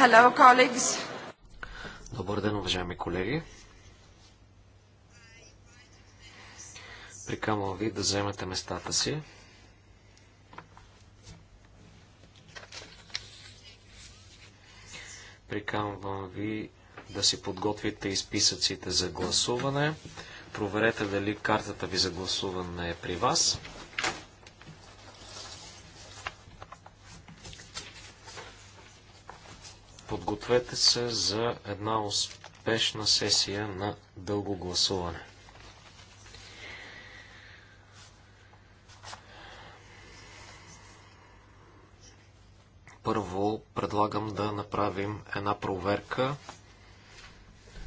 Hello, colleagues. Добър ден, уважаеми колеги. Прикамвам ви да вземете местата си. Прикамвам ви да си подготвите изписъците за гласуване. Проверете дали картата ви за гласуване е при вас. Подгответе се за една успешна сесия на дълго гласуване. Първо предлагам да направим една проверка,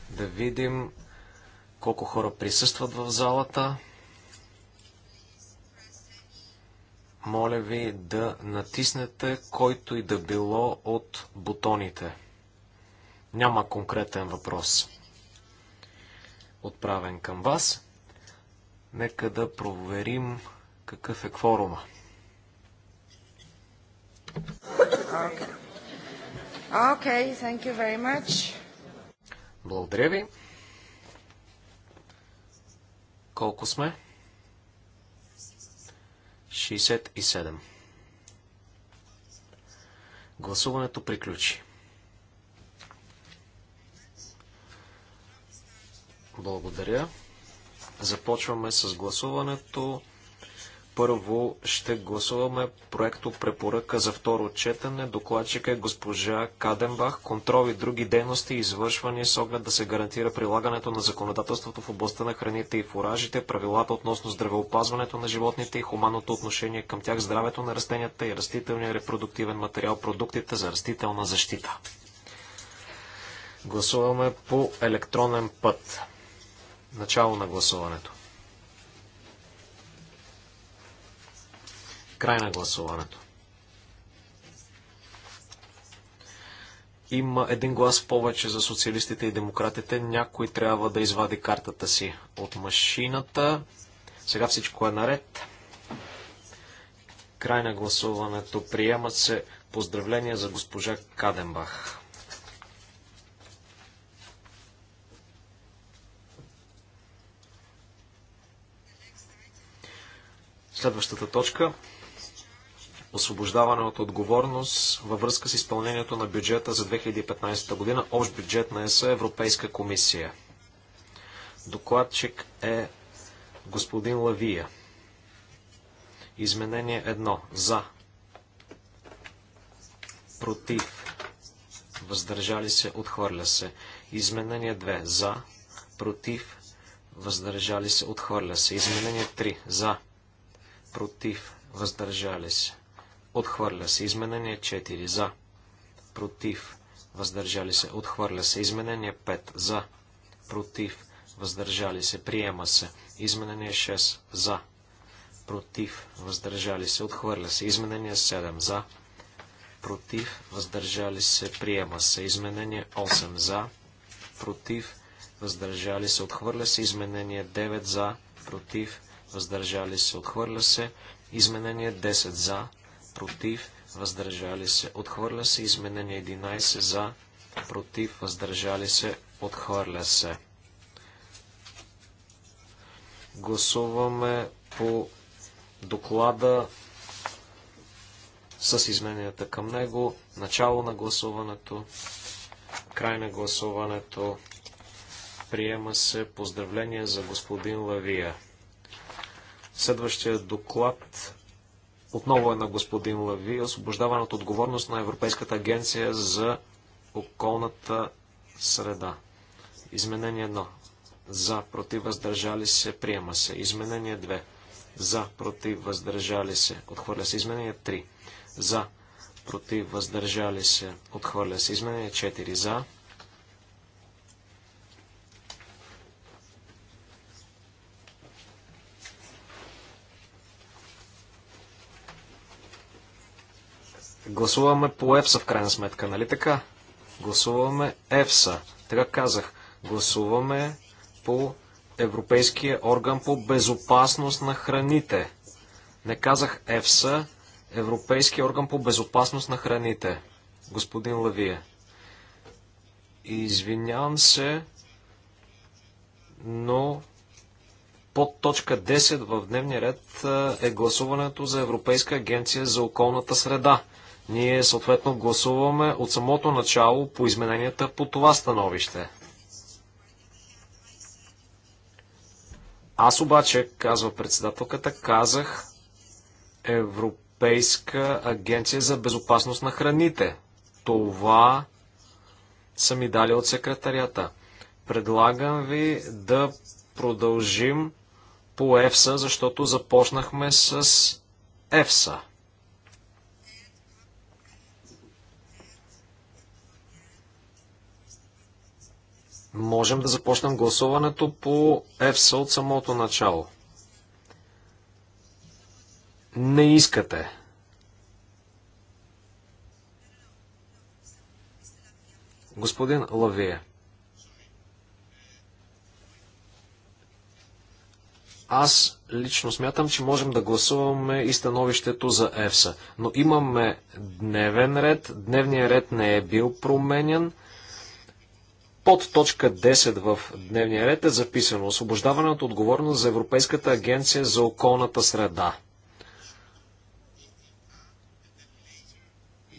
да видим колко хора присъстват в залата. Моля ви да натиснете който и да било от бутоните. Няма конкретен въпрос отправен към вас. Нека да проверим какъв е кворума. Okay. Okay, thank you very much. Благодаря ви. Колко сме? 67. Гласуването приключи. Благодаря. Започваме с гласуването. Първо ще гласуваме проекто препоръка за второ четене. Докладчика е госпожа Каденбах. Контрол и други дейности, извършвани с оглед да се гарантира прилагането на законодателството в областта на храните и фуражите, правилата относно здравеопазването на животните и хуманното отношение към тях, здравето на растенията и растителния репродуктивен материал, продуктите за растителна защита. Гласуваме по електронен път. Начало на гласуването. Край на гласуването. Има един глас повече за социалистите и демократите. Някой трябва да извади картата си от машината. Сега всичко е наред. Край на гласуването. Приемат се поздравления за госпожа Каденбах. Следващата точка освобождаване от отговорност във връзка с изпълнението на бюджета за 2015 година, общ бюджет на ЕС, Европейска комисия. Докладчик е господин Лавия. Изменение 1. За. Против. Въздържали се. Отхвърля се. Изменение 2. За. Против. Въздържали се. Отхвърля се. Изменение 3. За против, въздържали се. Отхвърля се. Изменение 4 за, против, въздържали се. Отхвърля се. Изменение 5 за, против, въздържали се. Приема се. Изменение 6 за, против, въздържали се. Отхвърля се. Изменение 7 за, против, въздържали се. Приема се. Изменение 8 за, против, въздържали се. Отхвърля се. Изменение 9 за, против, въздържали се, отхвърля се. Изменение 10 за, против, въздържали се, отхвърля се. Изменение 11 за, против, въздържали се, отхвърля се. Гласуваме по доклада с измененията към него, начало на гласуването, край на гласуването, приема се поздравление за господин Лавия. Следващия доклад отново е на господин Лави. Освобождаване от отговорност на Европейската агенция за околната среда. Изменение 1. За, против, въздържали се, приема се. Изменение 2. За, против, въздържали се, отхвърля се. Изменение 3. За, против, въздържали се, отхвърля се. Изменение 4. За, Гласуваме по ЕФСА в крайна сметка, нали така? Гласуваме ЕФСА. Така казах. Гласуваме по Европейския орган по безопасност на храните. Не казах ЕФСА, Европейския орган по безопасност на храните. Господин Лавие. Извинявам се, но под точка 10 в дневния ред е гласуването за Европейска агенция за околната среда. Ние съответно гласуваме от самото начало по измененията по това становище. Аз обаче, казва председателката, казах Европейска агенция за безопасност на храните. Това са ми дали от секретарията. Предлагам ви да продължим по ЕФСА, защото започнахме с ЕФСА. можем да започнем гласуването по ЕФСА от самото начало. Не искате. Господин Лавие. Аз лично смятам, че можем да гласуваме и становището за ЕФСА. Но имаме дневен ред. Дневният ред не е бил променен. Под точка 10 в дневния ред е записано освобождаване от отговорност за Европейската агенция за околната среда.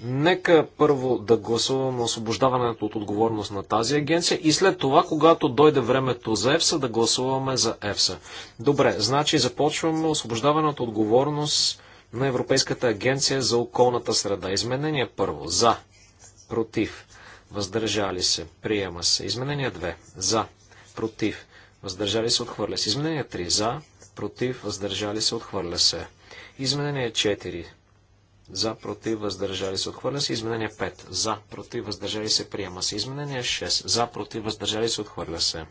Нека първо да гласуваме освобождаването от отговорност на тази агенция и след това, когато дойде времето за ЕФСА, да гласуваме за ЕФСА. Добре, значи започваме освобождаването от отговорност на Европейската агенция за околната среда. Изменение първо. За. Против въздържали се, приема се. Изменение 2, за, против, въздържали се, отхвърля се. Изменение 3, за, против, въздържали се, отхвърля се. Изменение 4, за, против, въздържали се, отхвърля се. Изменение 5, за, против, въздържали се, приема се. Изменение 6, за, против, въздържали се, отхвърля се.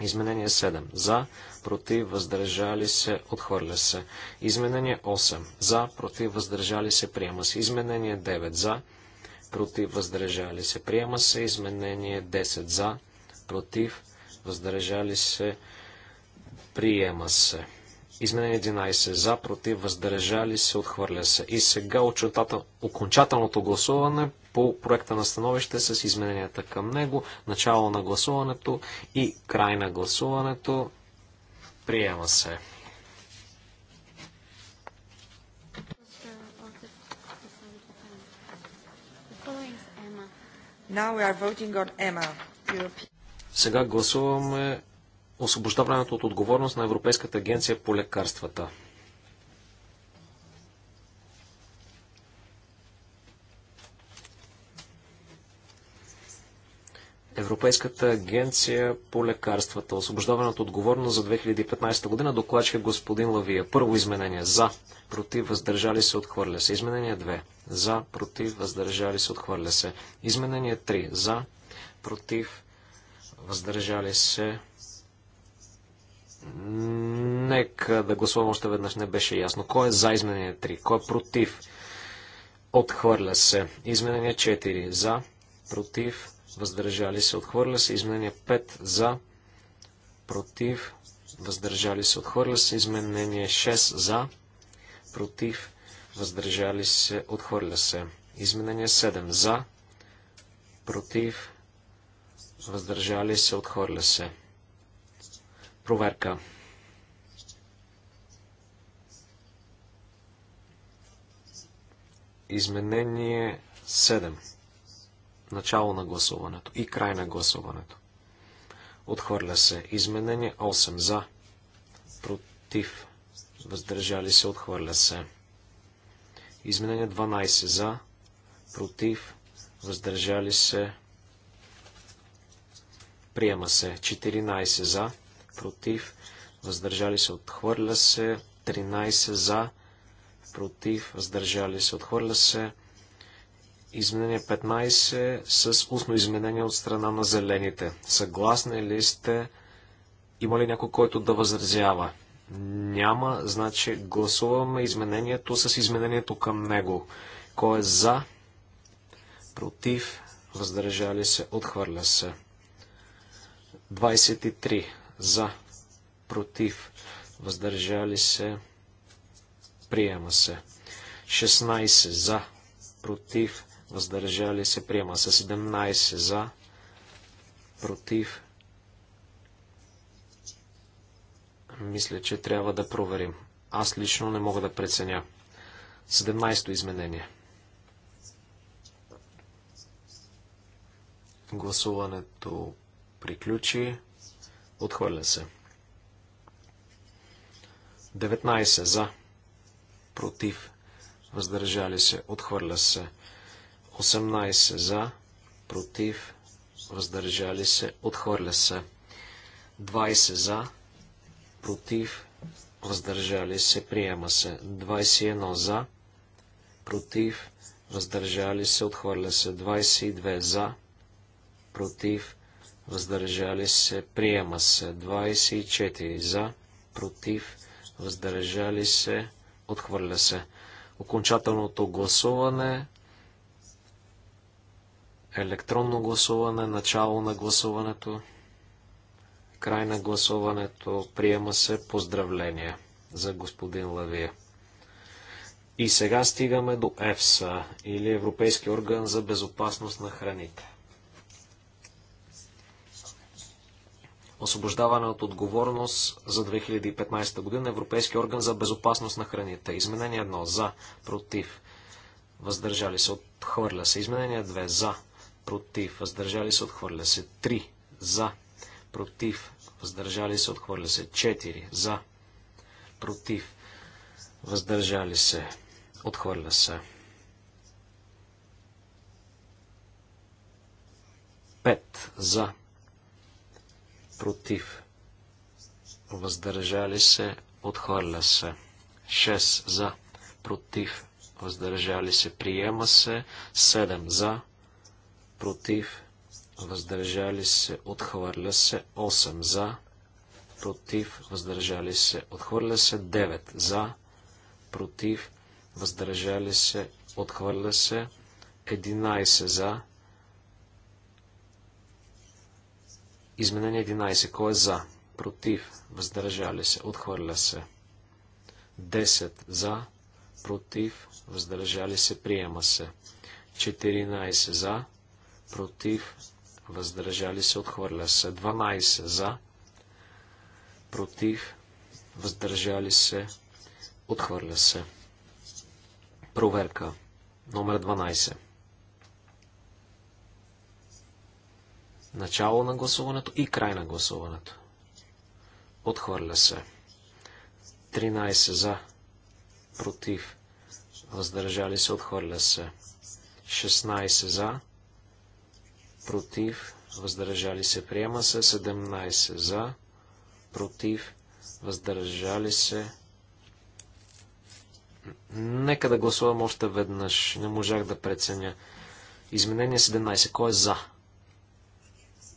Изменение 7. За, против, въздържали се, отхвърля се. Изменение 8. За, против, въздържали се, приема се. Изменение 9. За, против, въздържали се. Приема се изменение 10 за, против, въздържали се. Приема се. Изменение 11 за, против, въздържали се, отхвърля се. И сега окончателното гласуване по проекта на становище с измененията към него, начало на гласуването и край на гласуването. Приема се. Сега гласуваме освобождаването от отговорност на Европейската агенция по лекарствата. Европейската агенция по лекарствата. Освобождаване от отговорност за 2015 година. докладчик е господин Лавия. Първо изменение. За. Против. Въздържали се. Отхвърля се. Изменение 2. За. Против. Въздържали се. Отхвърля се. Изменение 3. За. Против. Въздържали се. Нека да гласувам още веднъж. Не беше ясно. Кой е за изменение 3? Кой е против? Отхвърля се. Изменение 4. За. Против въздържали се, отхвърля се. Изменение 5 за, против, въздържали се, отхвърля се. Изменение 6 за, против, въздържали се, отхвърля се. Изменение 7 за, против, въздържали се, отхвърля се. Проверка. Изменение 7. Начало на гласуването и край на гласуването. Отхвърля се. Изменение 8 за. Против. Въздържали се. Отхвърля се. Изменение 12 за. Против. Въздържали се. Приема се. 14 за. Против. Въздържали се. Отхвърля се. 13 за. Против. Въздържали се. Отхвърля се изменение 15 с устно изменение от страна на зелените. Съгласни ли сте? Има ли някой, който да възразява? Няма, значи гласуваме изменението с изменението към него. Кой е за? Против? Въздържали се? Отхвърля се. 23. За. Против. Въздържали се. Приема се. 16. За. Против въздържали се, приема се 17 за, против. Мисля, че трябва да проверим. Аз лично не мога да преценя. 17-то изменение. Гласуването приключи. Отхвърля се. 19 за. Против. Въздържали се. Отхвърля се. 18 за, против, въздържали се, отхвърля се. 20 за, против, въздържали се, приема се. 21 за, против, въздържали се, отхвърля се. 22 за, против, въздържали се, приема се. 24 за, против, въздържали се, отхвърля се. Окончателното гласуване Електронно гласуване, начало на гласуването, край на гласуването, приема се поздравление за господин Лавия. И сега стигаме до ЕФСА или Европейски орган за безопасност на храните. освобождаване от отговорност за 2015 година, Европейски орган за безопасност на храните. Изменение 1. За. Против. Въздържали се. Отхвърля се. Изменение 2. За против, въздържали се, отхвърля се 3 за, против, въздържали се, отхвърля се 4 за, против, въздържали се, отхвърля се 5 за, против, въздържали се, отхвърля се 6 за, против, въздържали се, приема се 7 за, против, въздържали се, отхвърля се 8 за, против, въздържали се, отхвърля се 9 за, против, въздържали се, отхвърля се 11 за. Изменение 11. Кой е за? Против, въздържали се, отхвърля се. 10 за, против, въздържали се, приема се. 14 за, против, въздържали се, отхвърля се. 12 за, против, въздържали се, отхвърля се. Проверка. Номер 12. Начало на гласуването и край на гласуването. Отхвърля се. 13 за, против, въздържали се, отхвърля се. 16 за, против, въздържали се, приема се 17 за, против, въздържали се. Нека да гласувам още веднъж. Не можах да преценя. Изменение 17. Кой е за?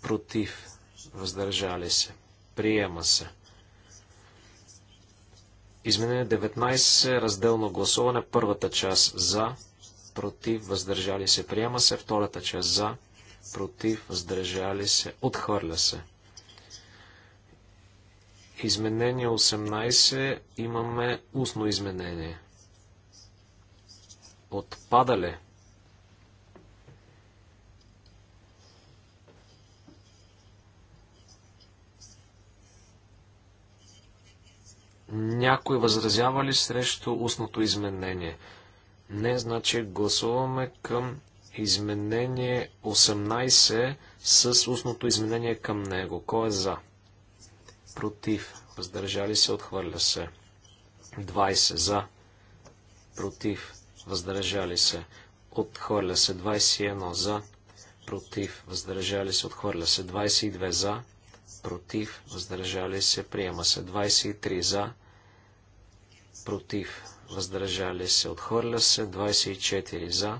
Против. Въздържали се. Приема се. Изменение 19. Разделно гласуване. Първата част за. Против. Въздържали се. Приема се. Втората част за против, въздържали се, отхвърля се. Изменение 18 имаме устно изменение. Отпадале. Някой възразява ли срещу устното изменение? Не, значи гласуваме към изменение 18 с устното изменение към него. Кой е за? Против. Въздържали се, отхвърля се. 20 за. Против. Въздържали се. Отхвърля се. 21 за. Против. Въздържали се. Отхвърля се. 22 за. Против. Въздържали се. Приема се. 23 за. Против. Въздържали се. Отхвърля се. 24 за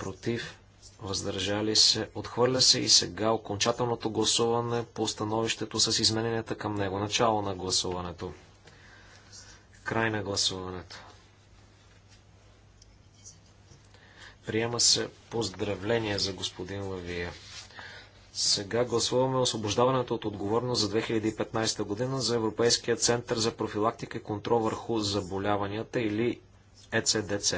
против, въздържали се, отхвърля се и сега окончателното гласуване по становището с измененията към него. Начало на гласуването. Край на гласуването. Приема се поздравление за господин Лавия. Сега гласуваме освобождаването от отговорност за 2015 година за Европейския център за профилактика и контрол върху заболяванията или ЕЦДЦ.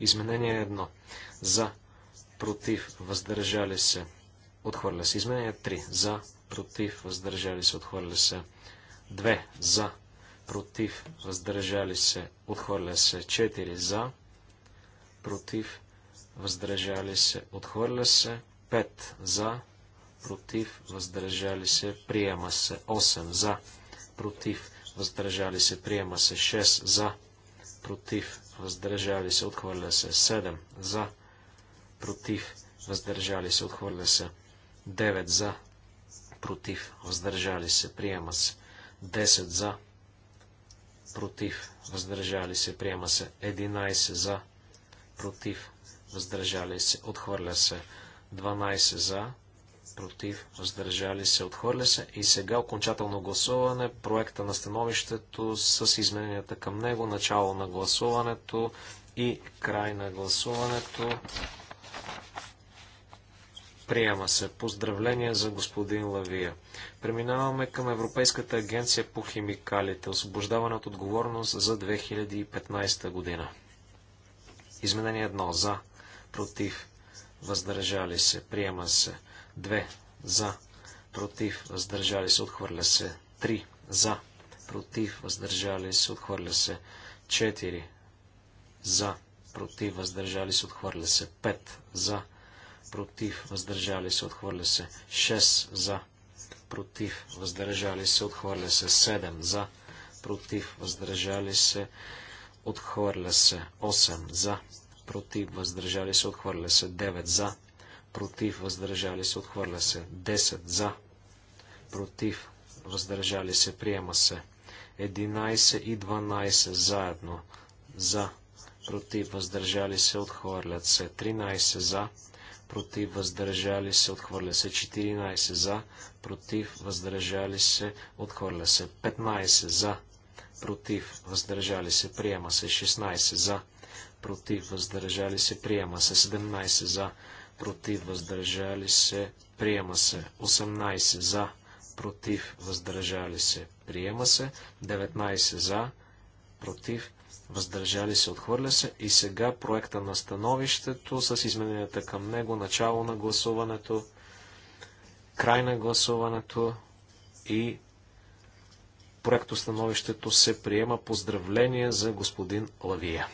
Изменение едно. За. Против. Въздържали се. Отхвърля се. Изменение 3. За. Против. Въздържали се. Отхвърля се. 2. За. Против. Въздържали се. Отхвърля се. 4. За. Против. Въздържали се. Отхвърля се. 5. За. Против. Въздържали се. Приема се. 8. За. Против въздържали се, приема се 6 за, против, въздържали се, отхвърля се. 7 за, против, въздържали се, отхвърля се. 9 за, против, въздържали се, приема се. 10 за, против, въздържали се, приема се. 11 за, против, въздържали се, отхвърля се. 12 за, против, въздържали се, отхвърля се. И сега окончателно гласуване, проекта на становището с измененията към него, начало на гласуването и край на гласуването. Приема се. Поздравления за господин Лавия. Преминаваме към Европейската агенция по химикалите. Освобождаване от отговорност за 2015 година. Изменение 1. За. Против. Въздържали се. Приема се. 2 за, против, въздържали се, отхвърля се. 3 за, против, въздържали се, отхвърля се. 4 за, против, въздържали се, отхвърля се. 5 за, против, въздържали се, отхвърля се. 6 за, против, въздържали се, отхвърля се. 7 за, против, въздържали се, отхвърля се. 8 за, против, въздържали се, отхвърля се. 9 за, против, въздържали се, отхвърля се. 10 за, против, въздържали се, приема се. 11 и 12 заедно, за, против, въздържали се, отхвърлят се. 13 за, против, въздържали се, отхвърля се. 14 за, против, въздържали се, отхвърля се. 15 за, против, въздържали се, приема се. 16 за, против, въздържали се, приема се. 17 за, против, въздържали се, приема се. 18 за, против, въздържали се, приема се. 19 за, против, въздържали се, отхвърля се. И сега проекта на становището с измененията към него, начало на гласуването, край на гласуването и становището се приема поздравление за господин Лавия.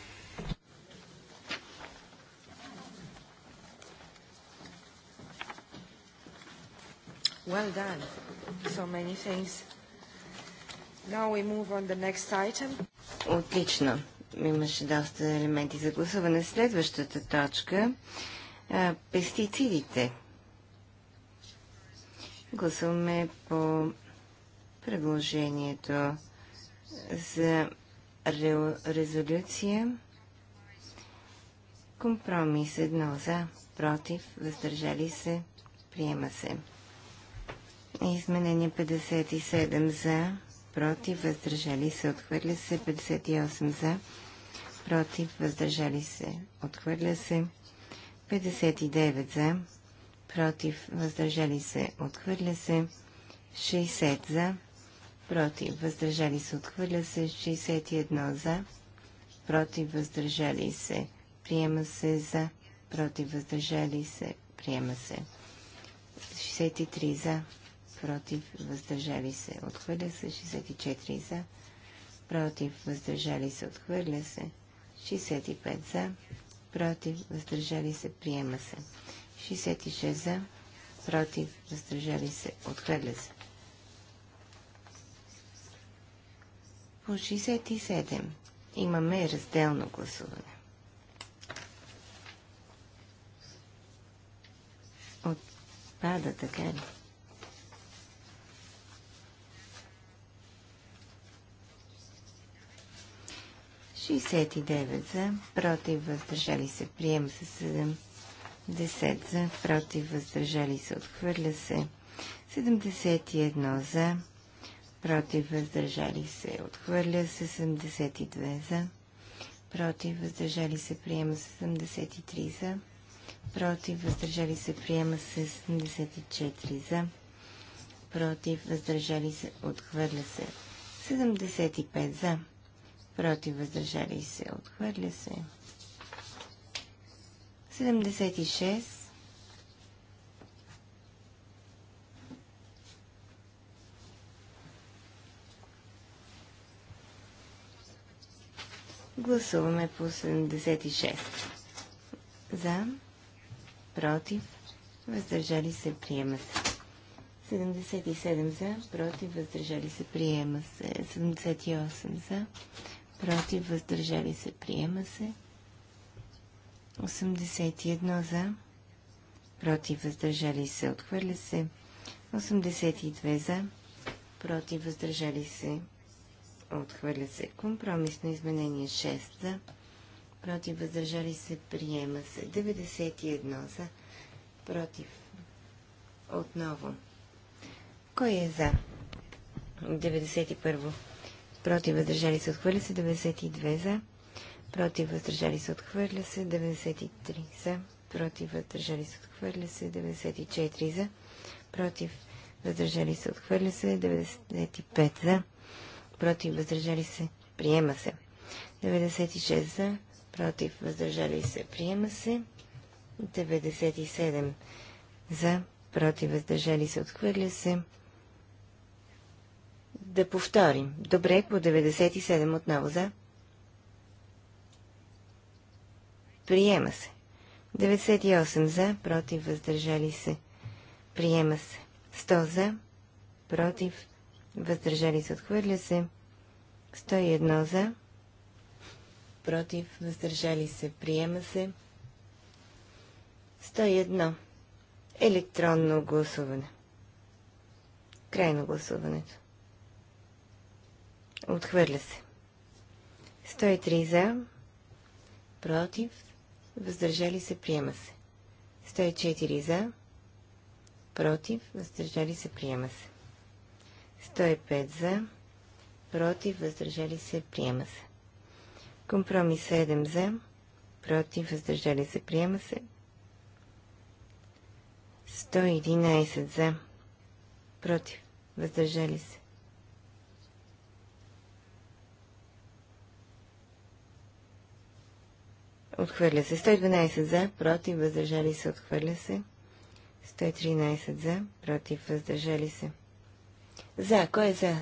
Well done. So many things. Now we move on the next item. Отлично. Имаше доста елементи за гласуване. Следващата точка а, пестицидите. Гласуваме по предложението за ре, резолюция. Компромис едно за, против, въздържали се, приема се. Изменение 57 за, против, въздържали се, отхвърля се. 58 за, против, въздържали се, отхвърля се. 59 за, против, въздържали се, отхвърля се. 60 за, против, въздържали се, отхвърля се. 61 за, против, въздържали се, приема се за, против, въздържали се, приема се. 63 за, против, въздържали се, отхвърля се, 64 за, против, въздържали се, отхвърля се, 65 за, против, въздържали се, приема се, 66 за, против, въздържали се, отхвърля се. По 67 имаме разделно гласуване. Отпада така ли? 69 за, против, въздържали се, приема се 70 за, против, въздържали се, отхвърля се 71 за, против, въздържали се, отхвърля се 72 за, против, въздържали се, приема се 73 за, против, въздържали се, приема се 74 за, против, въздържали се, отхвърля се 75 за против, въздържали се, отхвърля се. 76 Гласуваме по 76. За, против, въздържали се, приема се. 77 за, против, въздържали се, приема се. 78 за, против, въздържали се, приема се. 81 за, против, въздържали се, отхвърля се. 82 за, против, въздържали се, отхвърля се. Компромисно изменение 6 за, против, въздържали се, приема се. 91 за, против, отново. Кой е за? 91 против въздържали се, отхвърля се 92 за, против въздържали се, отхвърля се 93 за, против въздържали се, отхвърля се 94 за, против въздържали се, отхвърля се 95 за, против въздържали се, приема се 96 за, против въздържали се, приема се 97 за, против въздържали се, отхвърля се да повторим. Добре, по 97 отново за. Приема се. 98 за, против, въздържали се. Приема се. 100 за, против, въздържали се, отхвърля се. 101 за, против, въздържали се, приема се. 101. Електронно гласуване. Край на гласуването. Отхвърля се. 103 за. Против. Въздържали се. Приема се. 104 за. Против. Въздържали се. Приема се. 105 за. Против. Въздържали се. Приема се. Компромис 7 за. Против. Въздържали се. Приема се. 111 за. Против. Въздържали се. Отхвърля се. 112 за, против, въздържали се. Отхвърля се. 113 за, против, въздържали се. За, кой е за?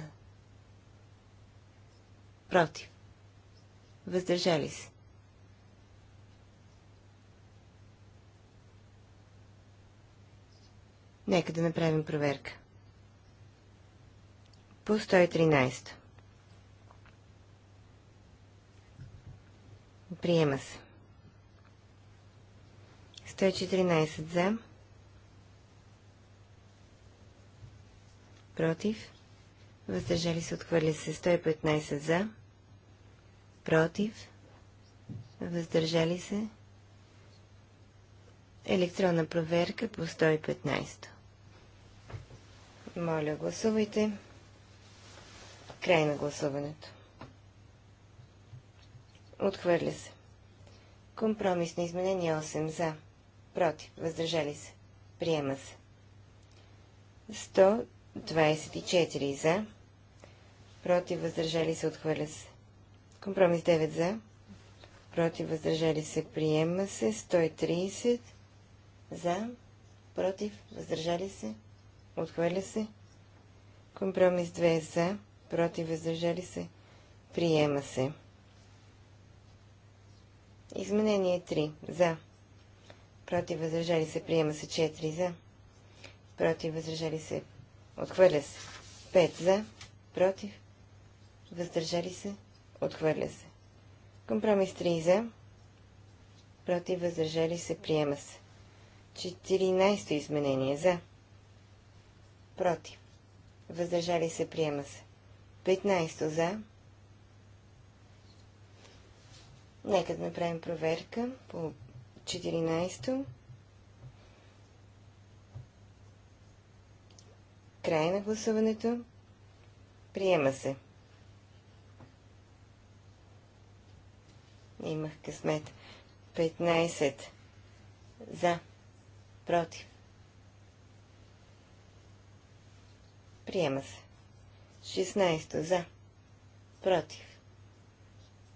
Против. Въздържали се. Нека да направим проверка. По 113. Приема се. 114 за. Против. Въздържали се отхвърля се 115 за. Против. Въздържали се. Електронна проверка по 115. Моля, гласувайте. Край на гласуването. Отхвърля се. Компромисно изменение 8 за против, въздържали се, приема се. 124 за, против, въздържали се, отхвърля се. Компромис 9 за, против, въздържали се, приема се. 130 за, против, въздържали се, отхвърля се. Компромис 2 за, против, въздържали се, приема се. Изменение 3 за, против въздържали се, приема се 4 за, против въздържали се, отхвърля се 5 за, против въздържали се, отхвърля се. Компромис 3 за, против въздържали се, приема се. 14 изменение за, против въздържали се, приема се. 15 за, Нека да направим проверка по 14. Край на гласуването. Приема се. Имах късмет. 15. За. Против. Приема се. 16. За. Против.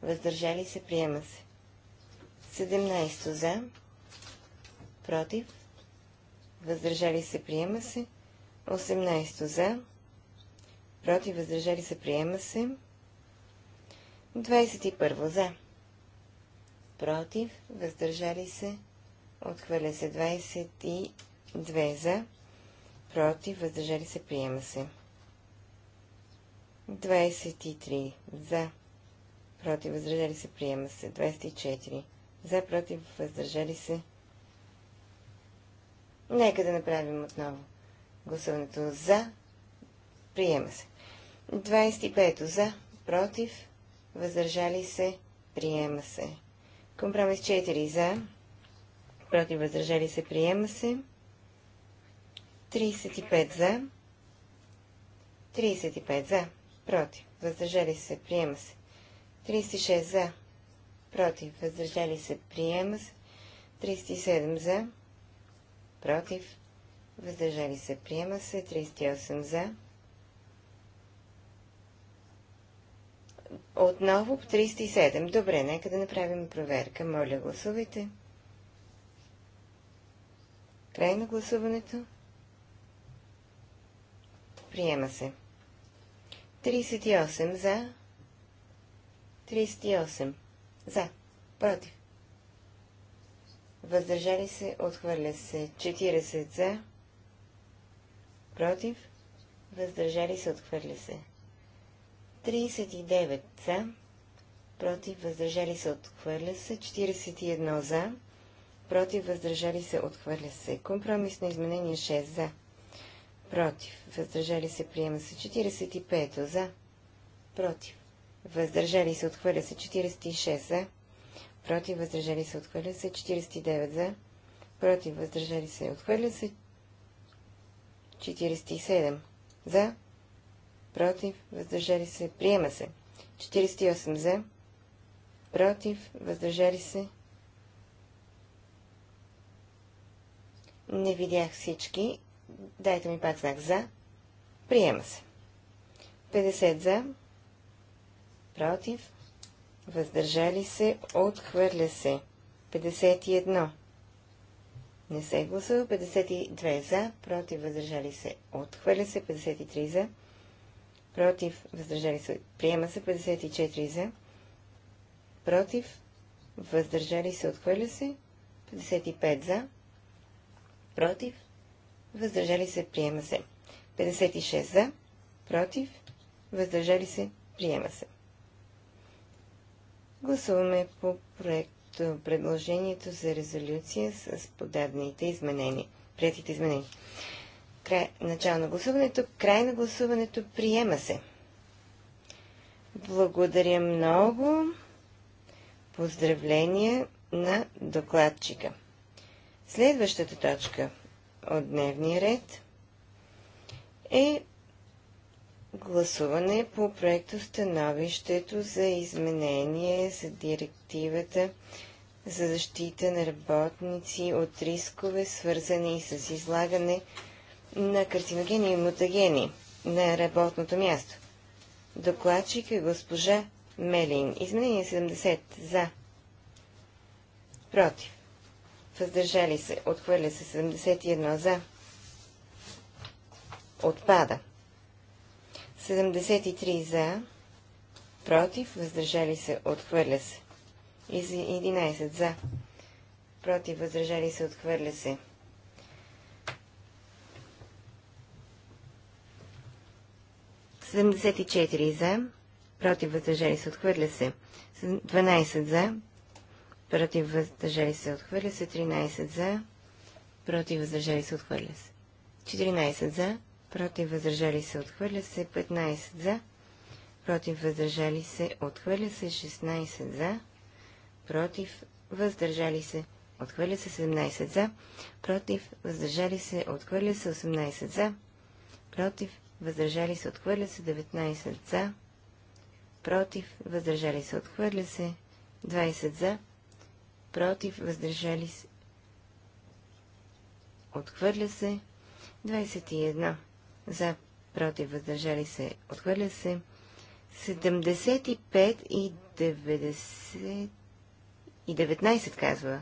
Въздържали се. Приема се. 17 за, против, въздържали се, приема се. 18 за, против, въздържали се, приема се. 21 за, против, въздържали се, отхвърля се. 22 за, против, въздържали се, приема се. 23 за, против, въздържали се, приема се. 24 за, против, въздържали се. Нека да направим отново гласуването за. Приема се. 25 за, против, въздържали се, приема се. Компромис 4 за, против, въздържали се, приема се. 35 за, 35 за, против, въздържали се, приема се. 36 за, против, въздържали се, приема се. 37 за, против, въздържали се, приема се. 38 за. Отново 37. Добре, нека да направим проверка. Моля, гласувайте. Край на гласуването. Приема се. 38 за. 38. За. Против. Въздържали се. Отхвърля се. 40 за. Против. Въздържали се. Отхвърля се. 39 за. Против. Въздържали се. Отхвърля се. 41 за. Против. Въздържали се. Отхвърля се. Компромисно изменение 6 за. Против. Въздържали се. Приема се. 45 за. Против въздържали се, отхвърля се 46 за, против, въздържали се, отхвърля се 49 за, против, въздържали се, отхвърля се 47 за, против, въздържали се, приема се 48 за, против, въздържали се. Не видях всички. Дайте ми пак знак за. Приема се. 50 за, против, въздържали се, отхвърля се. 51. Не се гласува. 52 за, против, въздържали се, отхвърля се. 53 за, против, въздържали се, приема се. 54 за, против, въздържали се, отхвърля се. 55 за, против, въздържали се, приема се. 56 за, против, въздържали се, приема се. Гласуваме по проекто предложението за резолюция с подадените изменения. Приятите изменения. Край, начало на гласуването, край на гласуването, приема се. Благодаря много. Поздравления на докладчика. Следващата точка от дневния ред е гласуване по проекто становището за изменение за директивата за защита на работници от рискове, свързани с излагане на картиногени и мутагени на работното място. Докладчик е госпожа Мелин. Изменение 70. За. Против. Въздържали се. Отхвърля се 71. За. Отпада. 73 за, против, въздържали се, отхвърля се. 11 за, против, въздържали се, отхвърля се. Седемдесет четири за, против въздържали се, отхвърля се. 12 за, против въздържали се, отхвърля се. 13 за, против въздържали се, отхвърля се. 14 за, против въздържали се, отхвърля се 15 за, против въздържали се, отхвърля се 16 за, против въздържали се, отхвърля се 17 за, против въздържали се, отхвърля се 18 за, против въздържали се, отхвърля се 19 за, против въздържали се, отхвърля се 20 за, против въздържали се, отхвърля се 21 за, против, въздържали се, отхвърля се. 75 и 90 и 19, казва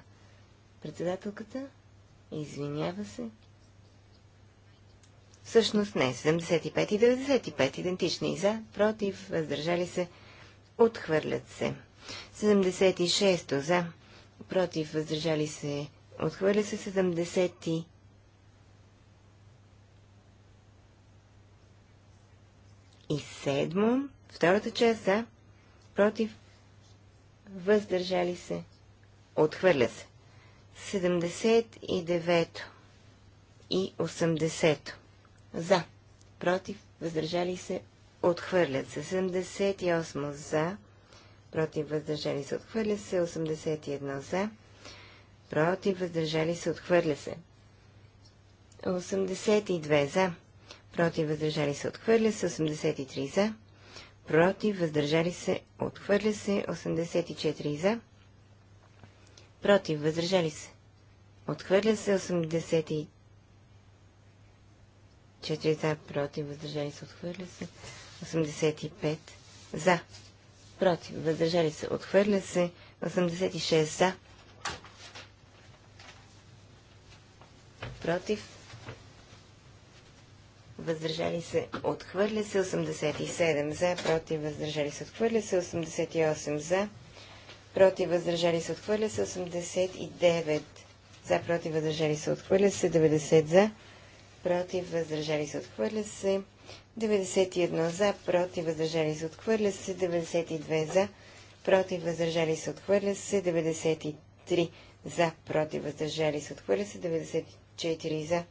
председателката. Извинява се. Всъщност не, 75 и 95 идентични за, против, въздържали се, отхвърлят се. 76 за, против, въздържали се, отхвърля се И седмо, втората част за, против, въздържали се, отхвърля се. 79 и 80 за, против, въздържали се, отхвърлят се. 78 за, против, въздържали се, отхвърля се. 81 за, против, въздържали се, отхвърля се. 82 за, против, въздържали се, отхвърля се, 83 за, против, въздържали се, отхвърля се, 84 за, против, въздържали се, отхвърля се, 84 за, против, въздържали се, отхвърля се, 85 за, против, въздържали се, отхвърля се, 86 за, против, въздържали се, отхвърля се 87 за, против, въздържали се, отхвърля се 88 за, против, въздържали се, отхвърля се 89 за, против, въздържали се, отхвърля се 90 за, против, въздържали се, отхвърля се 91 за, против, въздържали се, отхвърля се 92 за, против, въздържали се, отхвърля се 93 за, против, въздържали се, отхвърля се 94 за,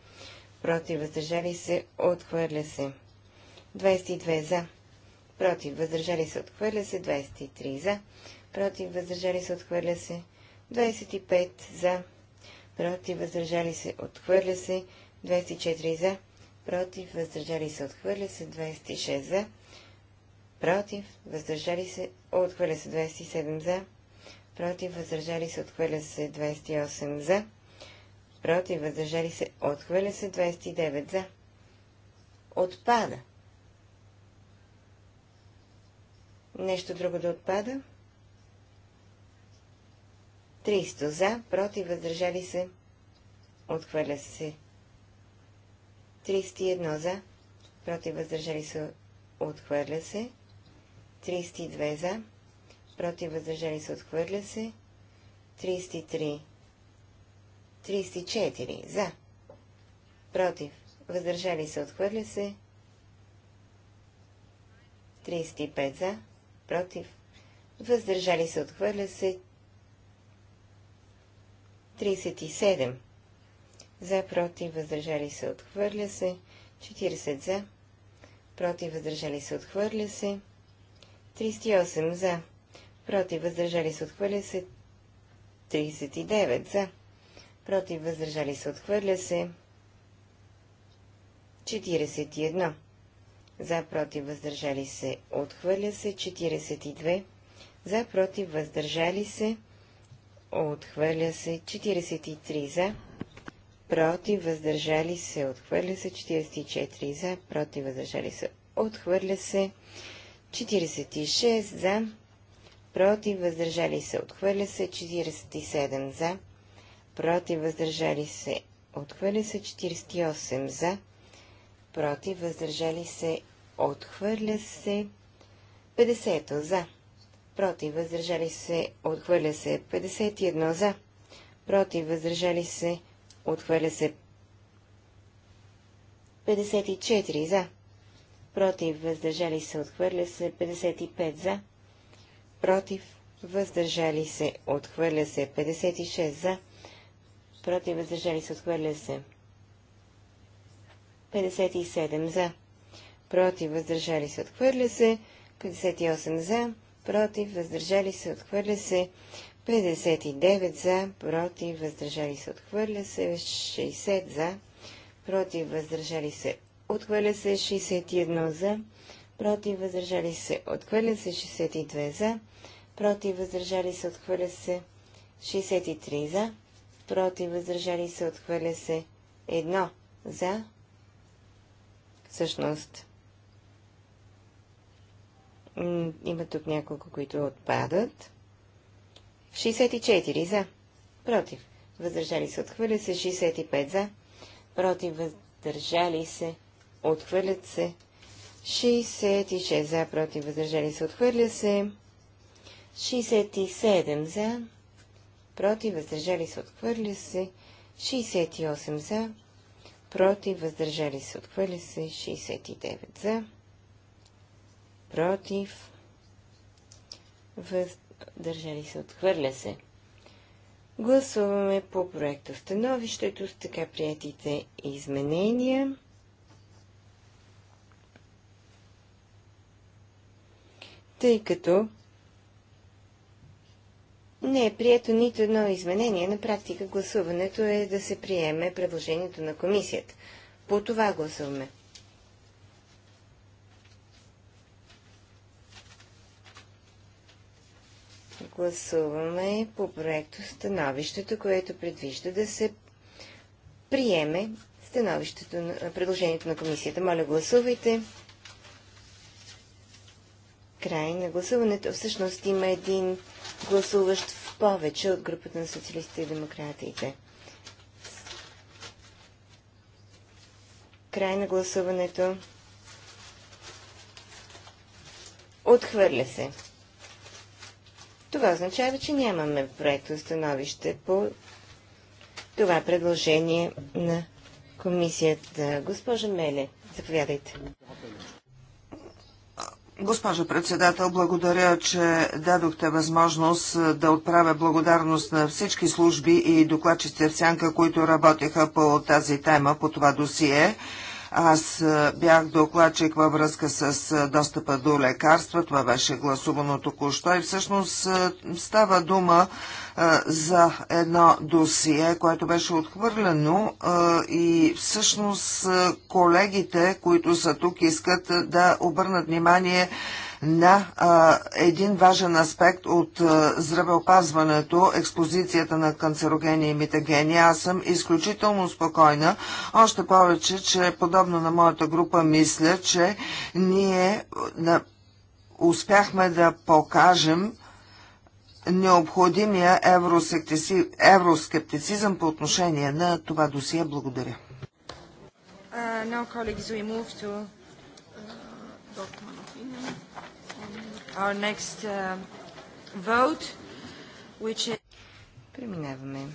против, въздържали се, отхвърля се. 22 за, против, въздържали се, отхвърля се. 23 за, против, въздържали се, отхвърля се. 25 за, против, въздържали се, отхвърля се. 24 за, против, въздържали се, отхвърля се. 26 за, против, въздържали се, отхвърля се. 27 за, против, въздържали се, отхвърля се. 28 за против, въздържали се, отхвърля се, 29 за. Отпада. Нещо друго да отпада? 300 за, против, въздържали се, отхвърля се. 31 за, против, въздържали се, отхвърля се. 32 за, против, въздържали се, отхвърля се. 33 34. За. Против. Въздържали се. Отхвърля се. 35. За. Против. Въздържали се. Отхвърля се. 37. За. Против. Въздържали се. Отхвърля се. 40. За. Против. Въздържали се. Отхвърля се. 38. За. Против. Въздържали се. Отхвърля се. 39. За против въздържали се, отхвърля се. 41. За, против въздържали се, отхвърля се. 42. За, против въздържали се, отхвърля се. 43. За, против въздържали се, отхвърля се. 44. За, против въздържали се, отхвърля се. 46. За, против въздържали се, отхвърля се. 47. За, против, въздържали се, отхвърля се 48 за, против, въздържали се, отхвърля се 50 за, против, въздържали се, отхвърля се 51 за, против, въздържали се, отхвърля се 54 за, против, въздържали се, отхвърля се 55 за, против, въздържали се, отхвърля се 56 за, против, въздържали се, отхвърля се. 57 за, против, въздържали се, отхвърля се. 58 за, против, въздържали се, отхвърля се. 59 за, против, въздържали се, отхвърля се. 60 за, против, въздържали се, отхвърля се. 61 за, против, въздържали се, отхвърля се. 62 за, против, въздържали се, отхвърля се. 63 за, против, въздържали се, отхвърля се. Едно за. Всъщност, има тук няколко, които отпадат. 64 за. Против. Въздържали се, отхвърля се. 65 за. Против, въздържали се, отхвърлят се. 66 за, против, въздържали се, отхвърля се. 67 за, против, въздържали се, отхвърля се, 68 за, против, въздържали се, отхвърля се, 69 за, против, въздържали се, отхвърля се. Гласуваме по проекта становището с така приятите изменения. Тъй като не е прието нито едно изменение. На практика гласуването е да се приеме предложението на комисията. По това гласуваме. Гласуваме по проекто становището, което предвижда да се приеме становището на предложението на комисията. Моля, гласувайте. Край на гласуването. Всъщност има един гласуващ в повече от групата на социалистите и демократите. Край на гласуването. Отхвърля се. Това означава, че нямаме проект становище по това предложение на комисията. Госпожа Меле, заповядайте. Госпожо председател, благодаря, че дадохте възможност е, да отправя благодарност на всички служби и докладчици в сянка, които работеха по тази тема, по това досие. Аз бях докладчик във връзка с достъпа до лекарства. Това беше гласувано току-що и всъщност става дума за едно досие, което беше отхвърлено и всъщност колегите, които са тук, искат да обърнат внимание на а, един важен аспект от а, здравеопазването, експозицията на канцерогени и митагени. Аз съм изключително спокойна, още повече, че подобно на моята група мисля, че ние на, успяхме да покажем необходимия евроскептицизъм по отношение на това досие. Благодаря. Uh, no, colleagues, we move to... Uh, Our next uh, vote, which is... Преминаваме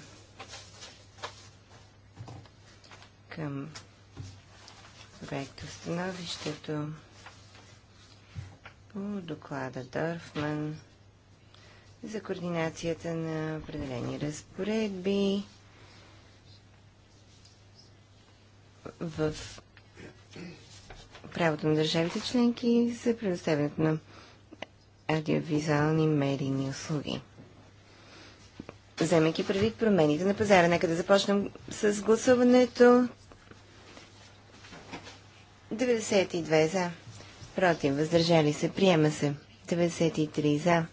към проекта становището по доклада Дорфман за координацията на определени разпоредби в правото на държавите членки за предоставянето на аудиовизуални медийни услуги. Вземайки предвид промените на пазара, нека да започнем с гласуването. 92 за. Против. Въздържали се. Приема се. 93 за.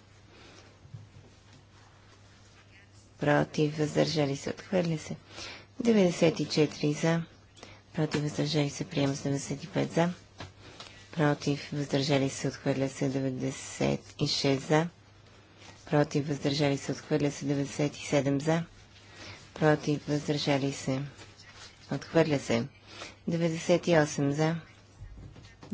Против. Въздържали се. Отхвърля се. 94 за. Против. Въздържали се. Приема се. 95 за против, въздържали се, отхвърля се 96 за, против, въздържали се, отхвърля се 97 за, против, въздържали се, отхвърля се 98 за,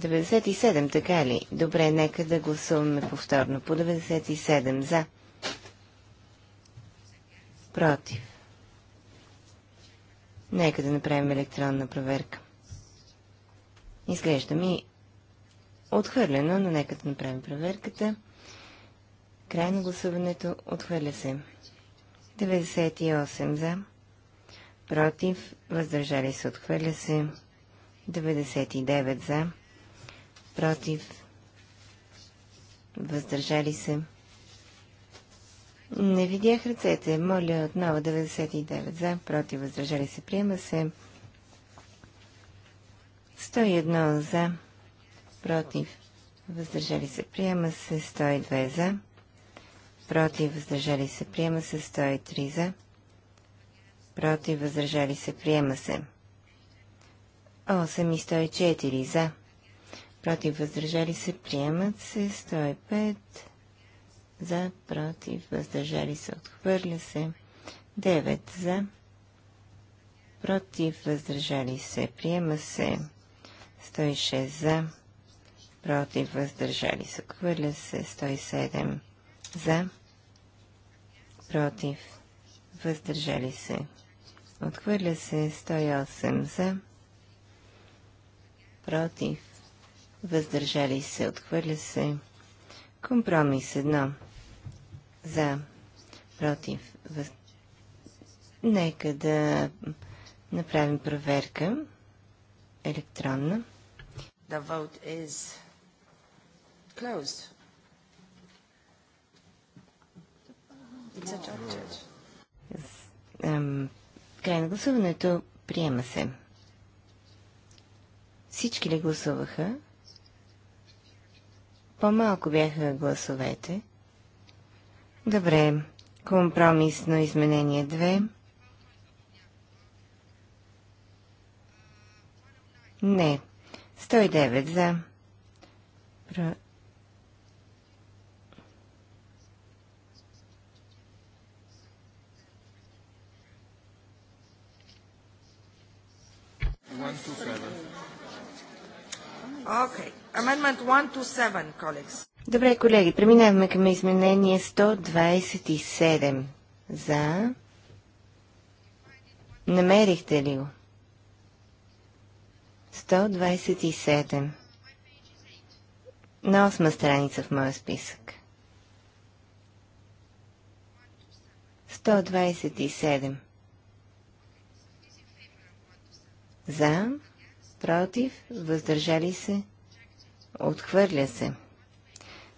97, така ли? Добре, нека да гласуваме повторно. По 97 за. Против. Нека да направим електронна проверка. Изглежда ми Отхвърлено, но нека да направим проверката. Край на гласуването. Отхвърля се. 98 за. Против. Въздържали се. Отхвърля се. 99 за. Против. Въздържали се. Не видях ръцете. Моля отново 99 за. Против. Въздържали се. Приема се. 101 за против, въздържали се, приема се 102 за, против, въздържали се, приема се 103 за, против, въздържали се, приема се 8 и 104 за, против, въздържали се, приемат се 105 за, против, въздържали се, отхвърля се 9 за, против, въздържали се, приема се 106 за, против, въздържали се. Хвърля се 107 за, против, въздържали се. Отхвърля се 108 за, против, въздържали се. Отхвърля се компромис 1 за, против, въз... Нека да направим проверка електронна. The vote is closed. It's adopted. Край на гласуването приема се. Всички ли гласуваха? По-малко бяха гласовете. Добре. Компромисно изменение 2. Не. 109 за. Добре, колеги, преминаваме към изменение 127. За. Намерихте ли го? 127. На осма страница в моя списък. 127. За, против, въздържали се, отхвърля се.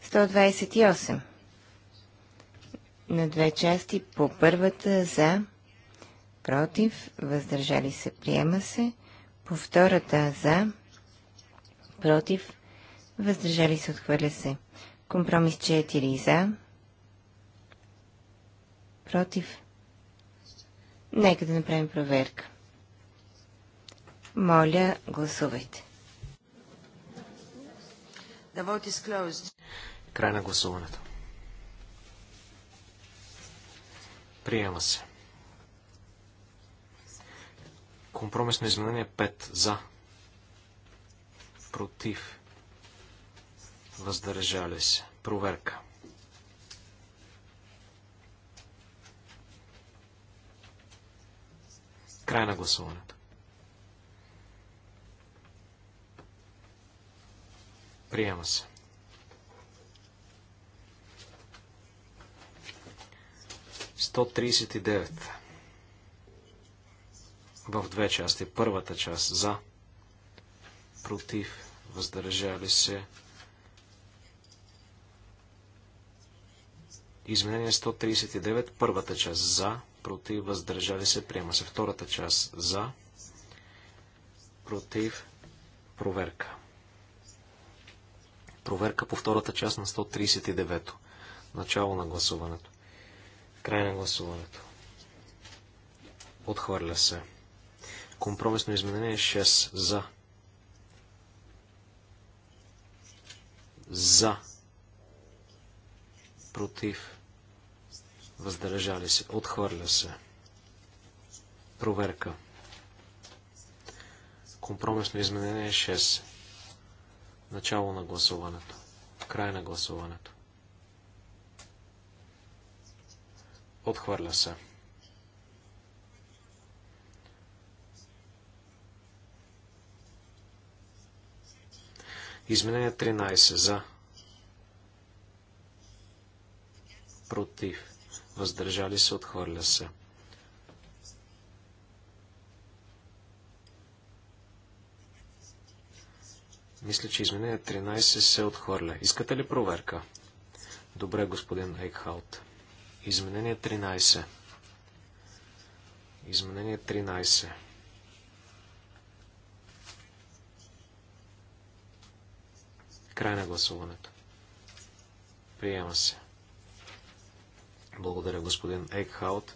128. На две части по първата за, против, въздържали се, приема се. По втората за, против, въздържали се, отхвърля се. Компромис 4 за, против. Нека да направим проверка. Моля, гласувайте. Край на гласуването. Приема се. Компромисно изменение 5 за. Против. Въздържали се. Проверка. Край на гласуването. Приема се. В две части. Първата част за, против, въздържали се. Изменение 139, първата част за, против, въздържали се, приема се. Втората част за, против, проверка. Проверка по втората част на 139-то. Начало на гласуването. Край на гласуването. Отхвърля се. Компромисно изменение 6. За. За. Против. Въздържали се. Отхвърля се. Проверка. Компромисно изменение 6. Начало на гласуването. Край на гласуването. Отхвърля се. Изменение 13. За. Против. Въздържали се. Отхвърля се. Мисля, че изменение 13 се отхвърля. Искате ли проверка? Добре, господин Ейкхаут. Изменение 13. Изменение 13. Край на гласуването. Приема се. Благодаря, господин Ейкхаут.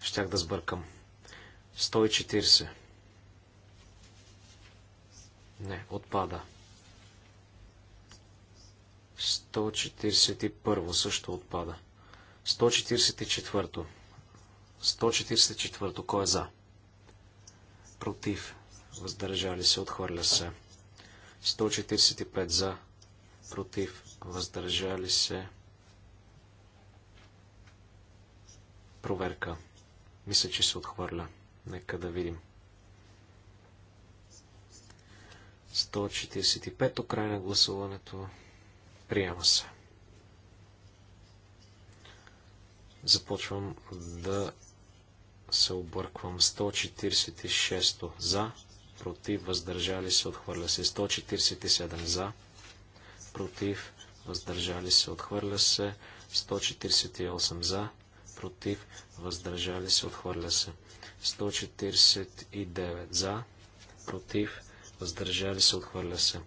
Щях да сбъркам. 140. Не, отпада. 141 също отпада. 144. 144. Кой е за? Против. Въздържали се. Отхвърля се. 145 за. Против. Въздържали се. Проверка. Мисля, че се отхвърля. Нека да видим. 145 край на гласуването. Приема се. Започвам да се обърквам. 146 за, против, въздържали се, отхвърля се. 147 за, против, въздържали се, отхвърля се. 148 за, против, въздържали се, отхвърля се. 149 за, против, въздържали се, отхвърля се.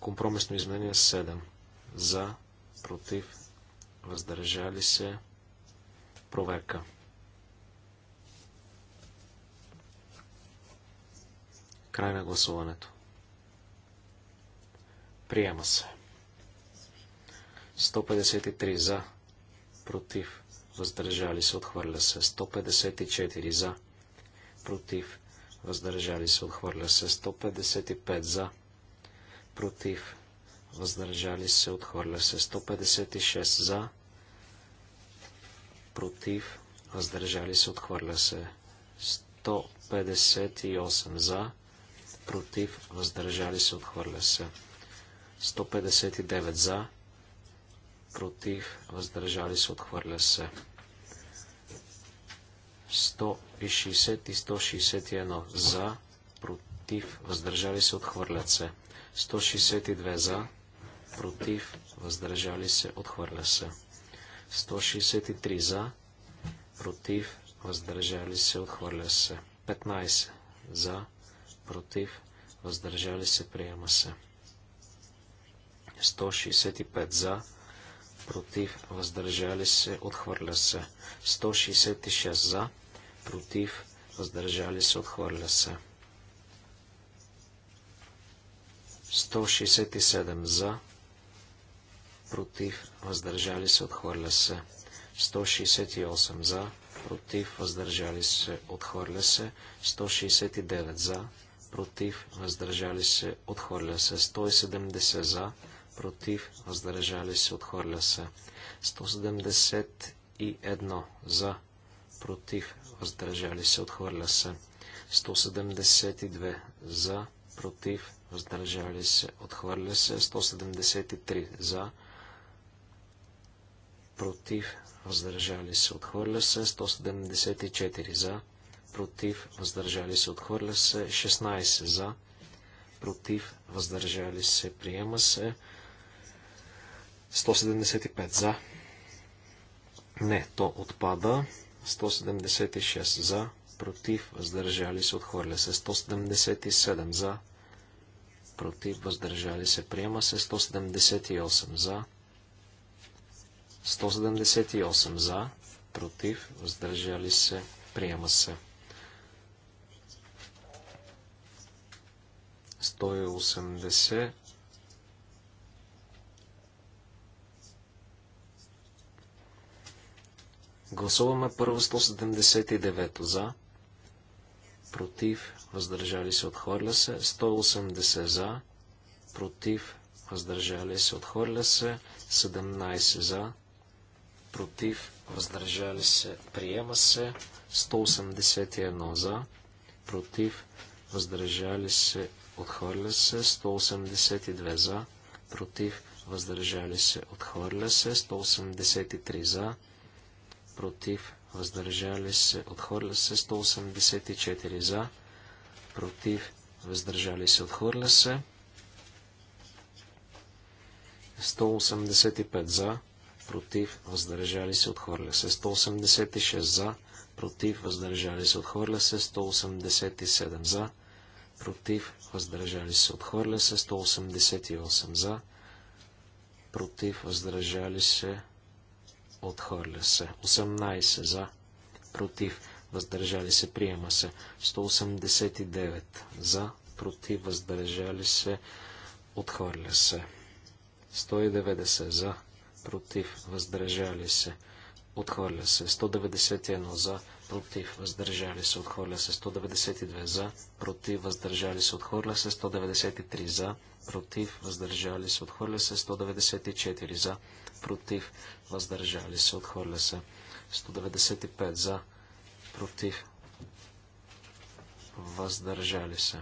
Компромисно изменение 7. За, против, въздържали се, проверка. Край на гласуването. Приема се. 153 за, против, въздържали се, отхвърля се. 154 за, против, въздържали се, отхвърля се 155 за, против, въздържали се, отхвърля се 156 за, против, въздържали се, отхвърля се 158 за, против, въздържали се, отхвърля се 159 за, против, въздържали се, отхвърля се 100 60 и 161 за, против, въздържали се, отхвърлят се. 162 за, против, въздържали се, отхвърля се. 163 за, против, въздържали се, отхвърля се. 15 за, против, въздържали се, приема се. 165 за, против, въздържали се, отхвърля се. 166 за, против, въздържали се, отхвърля се. 167 за, против, въздържали се, отхвърля се. 168 за, против, въздържали се, отхвърля се. 169 за, против, въздържали се, отхвърля се. 170 за, против, въздържали се, отхвърля се. 171 за, против, въздържали се, отхвърля се. 172 за, против, въздържали се, отхвърля се. 173 за, против, въздържали се, отхвърля се. 174 за, против, въздържали се, отхвърля се. 16 за, против, въздържали се, приема се. 175 за. Не, то отпада. 176 за, против, въздържали се, отхвърля се. 177 за, против, въздържали се, приема се. 178 за, 178 за, против, въздържали се, приема се. 180 Гласуваме първо 179 за, против, въздържали се, отхвърля се, 180 за, против, въздържали се, отхвърля се, 17 за, против, въздържали се, приема се, 181 за, против, въздържали се, отхвърля се, 182 за, против, въздържали се, отхвърля се, 183 за, против, въздържали се, отхвърля се 184 за, против, въздържали се, отхвърля се 185 за, против, въздържали се, отхвърля се 186 за, против, въздържали се, отхвърля се 187 за, против, въздържали се, отхвърля се 188 за, против, въздържали се, отхвърля се. 18 за, против, въздържали се, приема се. 189 за, против, въздържали се, отхвърля се. 190 за, против, въздържали се, отхвърля се. 191 за, против, въздържали се, отхвърля се 192 за, против, въздържали се, отхвърля се 193 за, против, въздържали се, отхвърля се 194 за, против, въздържали се, отхвърля се 195 за, против, въздържали се.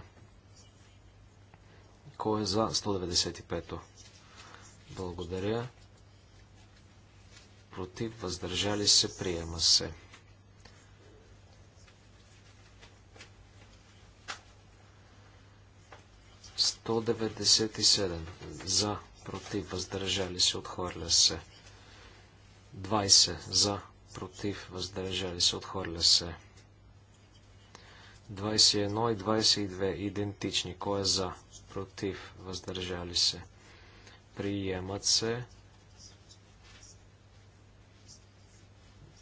Кой е за 195-то? Благодаря. Против, въздържали се, приема се. 197 за, против, въздържали се, отхвърля се. 20 за, против, въздържали се, отхвърля се. 21 и 22 идентични. Кой е за? Против, въздържали се. Приемат се.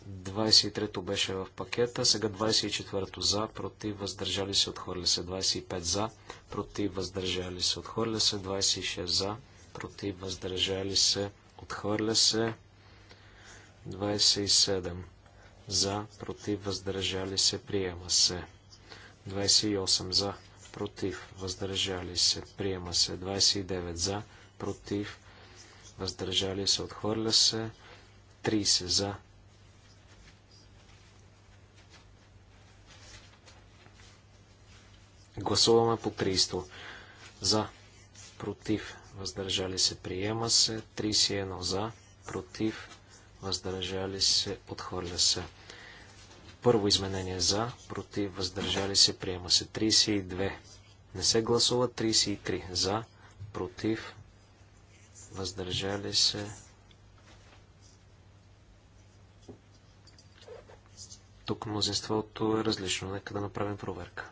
23-то беше в пакета, сега 24-то за, против, въздържали се, отхвърля се, 25 за, против, въздържали се, отхвърля се, 26 за, против, въздържали се, отхвърля се, 27 за, против, въздържали се, приема се, 28 за, против, въздържали се, приема се, 29 за, против, въздържали се, отхвърля се, 30 за, Гласуваме по 30. За. Против. Въздържали се. Приема се. 31. За. Против. Въздържали се. Отхвърля се. Първо изменение за. Против. Въздържали се. Приема се. 32. Не се гласува. 33. За. Против. Въздържали се. Тук мнозинството е различно. Нека да направим проверка.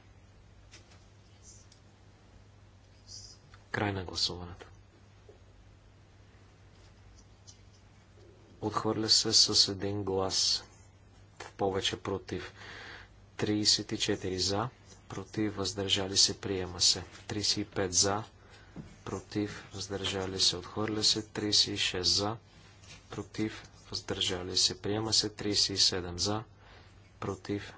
Край на гласуването. Отхвърля се с един глас повече против. 34 за, против, въздържали се, приема се. 35 за, против, въздържали се, отхвърля се. 36 за, против, въздържали се, приема се. 37 за, против,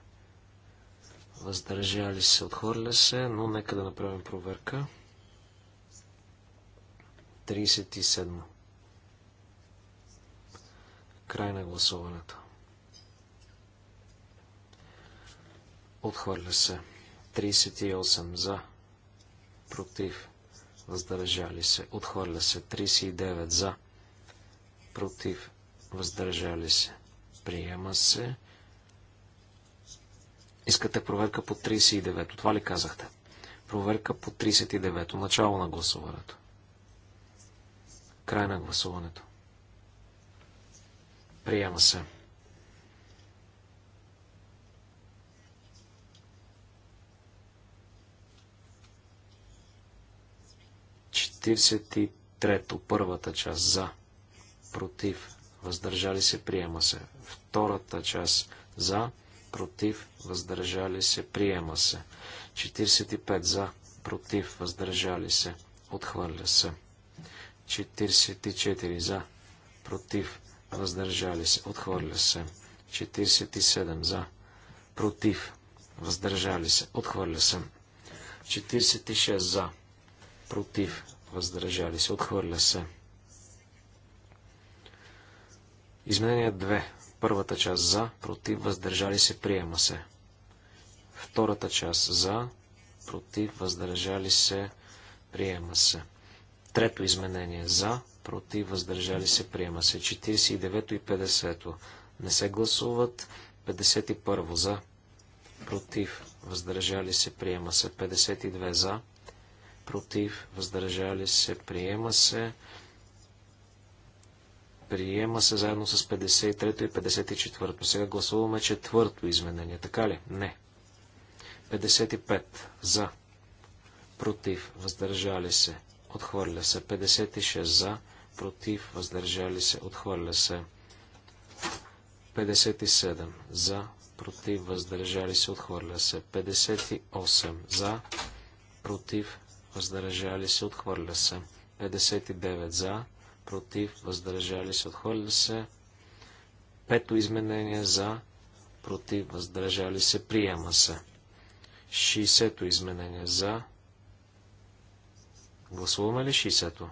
въздържали се, отхвърля се, но нека да направим проверка. 37. Край на гласуването. Отхвърля се. 38 за. Против. Въздържали се. Отхвърля се. 39 за. Против. Въздържали се. Приема се. Искате проверка по 39. Това ли казахте? Проверка по 39. Начало на гласуването. Край на гласуването. Приема се. Четиридесет и трето, първата част за, против, въздържали се, приема се. Втората част за, против, въздържали се, приема се. 45 за, против, въздържали се, отхвърля се. 44 за, против, въздържали се, отхвърля се. 47 за, против, въздържали се, отхвърля се. 46 за, против, въздържали се, отхвърля се. Изменение 2. Първата част за, против, въздържали се, приема се. Втората част за, против, въздържали се, приема се. Трето изменение за, против, въздържали се, приема се. 49 и 50 не се гласуват. 51 за, против, въздържали се, приема се. 52 за, против, въздържали се, приема се. Приема се заедно с 53 и 54. Сега гласуваме четвърто изменение. Така ли? Не. 55. За. Против. Въздържали се. Отхвърля се. 56 за. Против. Въздържали се. Отхвърля се. 57 за. Против. Въздържали се. Отхвърля се. 58 за. Против. Въздържали се. Отхвърля се. 59 за. Против. Въздържали се. Отхвърля се. Пето изменение за. Против. Въздържали се. Приема се. 60 изменение за Гласуваме ли 60-то?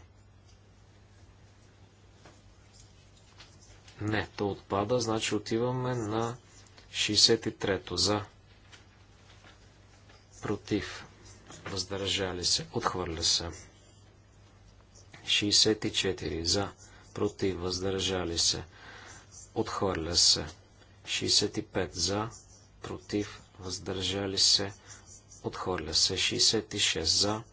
Не, то отпада, значи отиваме на 63-то. За. Против. Въздържали се. Отхвърля се. 64. За. Против. Въздържали се. Отхвърля се. 65. За. Против. Въздържали се. Отхвърля се. 66. За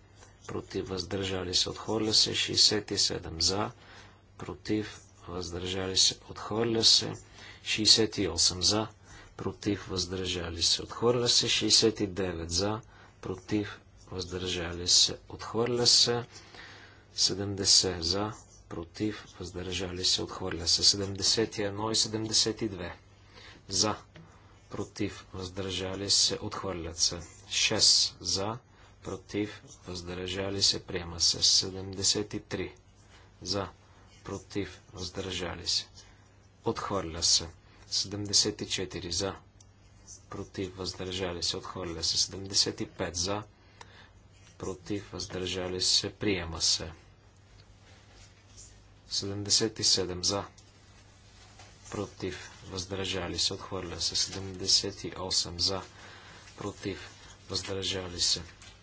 против, въздържали се, отхвърля се. 67 за, против, въздържали се, отхвърля се. 68 за, против, въздържали се, отхвърля се. 69 за, против, въздържали се, отхвърля се. 70 за, против, въздържали се, отхвърля се. 71 и 72 за, против, въздържали се, отхвърлят се. 6 за, против, въздържали се, приема се. 73 за, против, въздържали се, отхвърля се. 74 за, против, въздържали се, отхвърля се. 75 за, против, въздържали се, приема се. 77 за, против, въздържали се, отхвърля се. 78 за, против, въздържали се,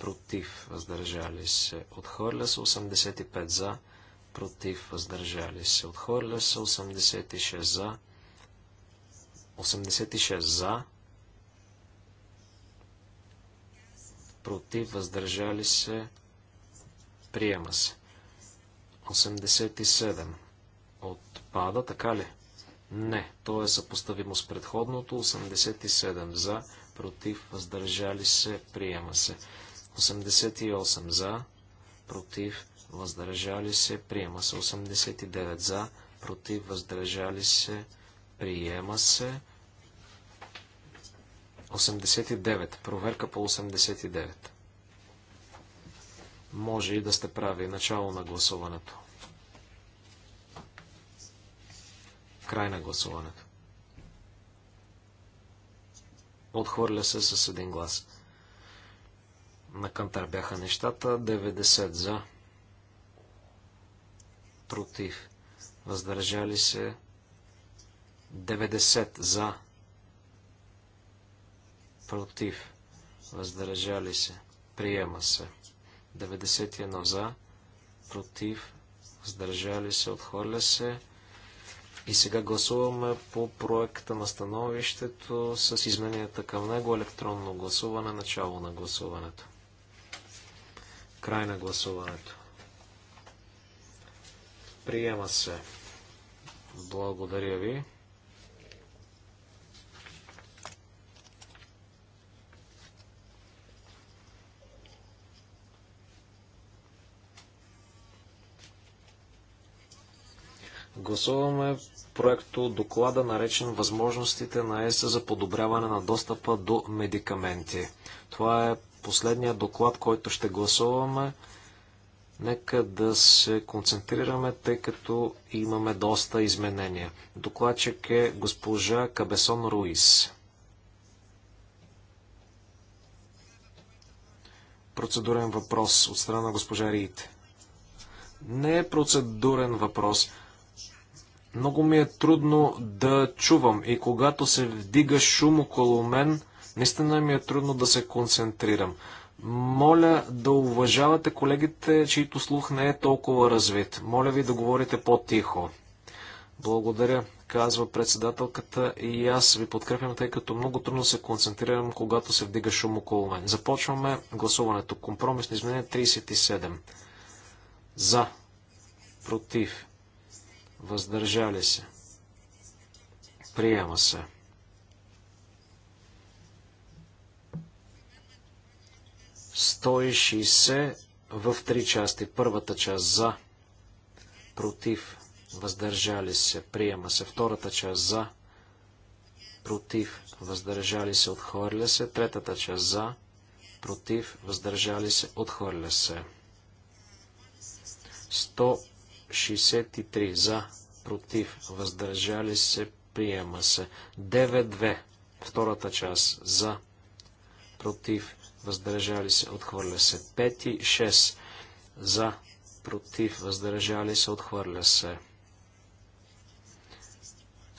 против, въздържали се, отхвърля се 85 за, против, въздържали се, отхвърля се 86 за, 86 за, против, въздържали се, приема се. 87 отпада, така ли? Не, то е съпоставимо с предходното, 87 за, против, въздържали се, приема се. 88 за, против, въздържали се, приема се. 89 за, против, въздържали се, приема се. 89. Проверка по 89. Може и да сте прави. Начало на гласуването. Край на гласуването. Отхвърля се с един глас на Кантар бяха нещата. 90 за. Против. Въздържали се. 90 за. Против. Въздържали се. Приема се. 91 за. Против. Въздържали се. Отхвърля се. И сега гласуваме по проекта на становището с измененията към него електронно гласуване, начало на гласуването. Край на гласуването. Приема се. Благодаря ви. Гласуваме проекто доклада, наречен Възможностите на ЕС за подобряване на достъпа до медикаменти. Това е последния доклад, който ще гласуваме, нека да се концентрираме, тъй като имаме доста изменения. Докладчик е госпожа Кабесон Руис. Процедурен въпрос от страна на госпожа Рид. Не е процедурен въпрос. Много ми е трудно да чувам и когато се вдига шум около мен, Наистина ми е трудно да се концентрирам. Моля да уважавате колегите, чийто слух не е толкова развит. Моля ви да говорите по-тихо. Благодаря, казва председателката и аз ви подкрепям, тъй като много трудно се концентрирам, когато се вдига шум около мен. Започваме гласуването. Компромис на изменение 37. За. Против. Въздържали се. Приема се. 160 в три части. Първата част за, против, въздържали се, приема се. Втората част за, против, въздържали се, отхвърля се. Третата част за, против, въздържали се, отхвърля се. 163 за, против, въздържали се, приема се. 9-2, втората част за, против, въздържали се, отхвърля се. 5 и за, против, въздържали се, отхвърля се.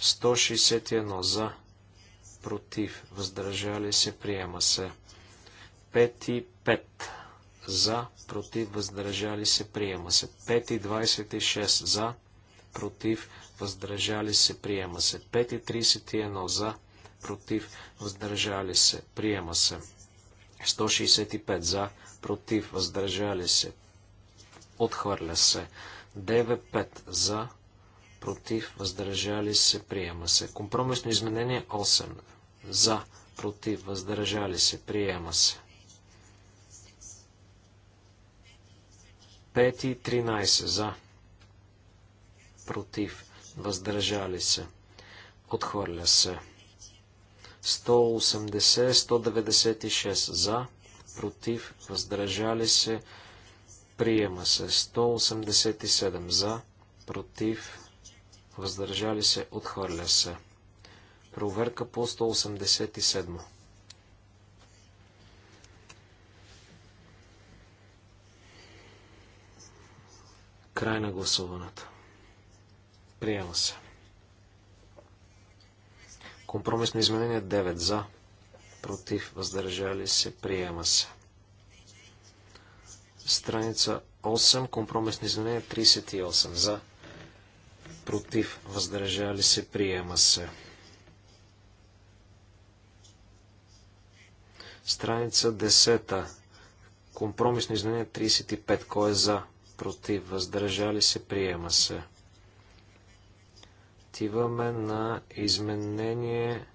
161 за, против, въздържали се, приема се. 55 за, против, въздържали се, приема се. 5 и 26 за, против, въздържали се, приема се. 5 и 31 за, против, въздържали се, приема се. 165 за, против, въздържали се, отхвърля се. 9-5 за, против, въздържали се, приема се. Компромисно изменение 8 за, против, въздържали се, приема се. 5 13 за, против, въздържали се, отхвърля се. 180-196 за, против, въздържали се, приема се. 187 за, против, въздържали се, отхвърля се. Проверка по 187. Край на гласуването. Приема се. Компромисно изменение 9 за, против, въздържали се, приема се. Страница 8, компромисно изменение 38 за, против, въздържали се, приема се. Страница 10. Компромисно изменение 35. Кой е за? Против. Въздържали се. Приема се отиваме на изменение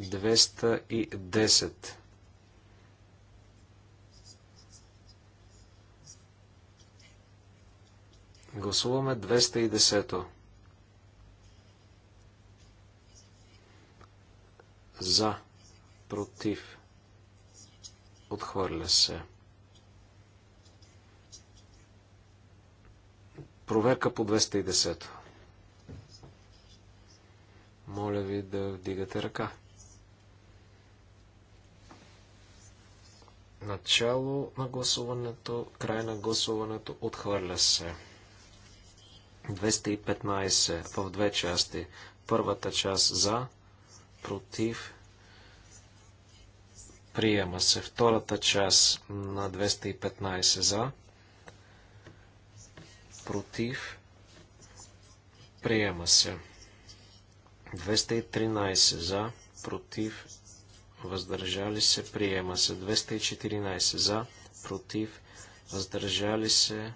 210. Гласуваме 210-то. За. Против. Отхвърля се. Проверка по 210-то. Моля ви да вдигате ръка. Начало на гласуването, край на гласуването, отхвърля се. 215 в две части. Първата част за, против, приема се. Втората част на 215 за, против, приема се. 213 за, против, въздържали се, приема се. 214 за, против, въздържали се.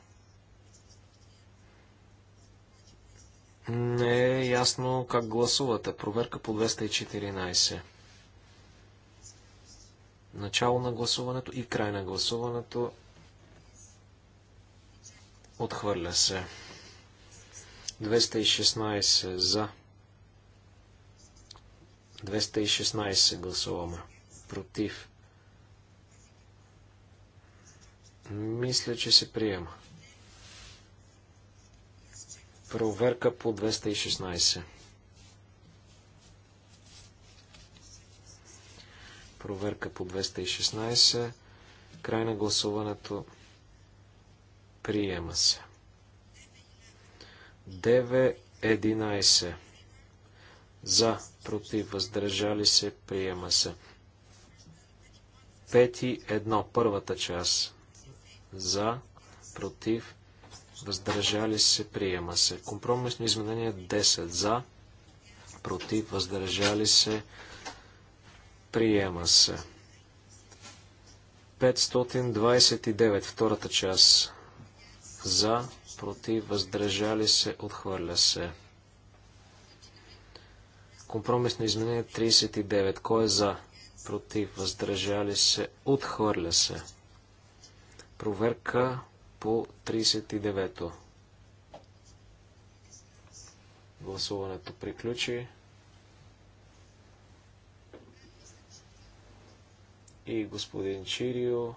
Не е ясно как гласувате. Проверка по 214. Начало на гласуването и край на гласуването. Отхвърля се. 216 за 216 гласуваме. Против. Мисля, че се приема. Проверка по 216. Проверка по 216. Край на гласуването. Приема се. 9.11. За против, въздържали се, приема се. Пети едно, първата част. За, против, въздържали се, приема се. Компромисно изменение 10. За, против, въздържали се, приема се. 529, втората част. За, против, въздържали се, отхвърля се на изменение 39. Кой е за? Против. Въздържали се. Отхвърля се. Проверка по 39-то. Гласуването приключи. И господин Чирио.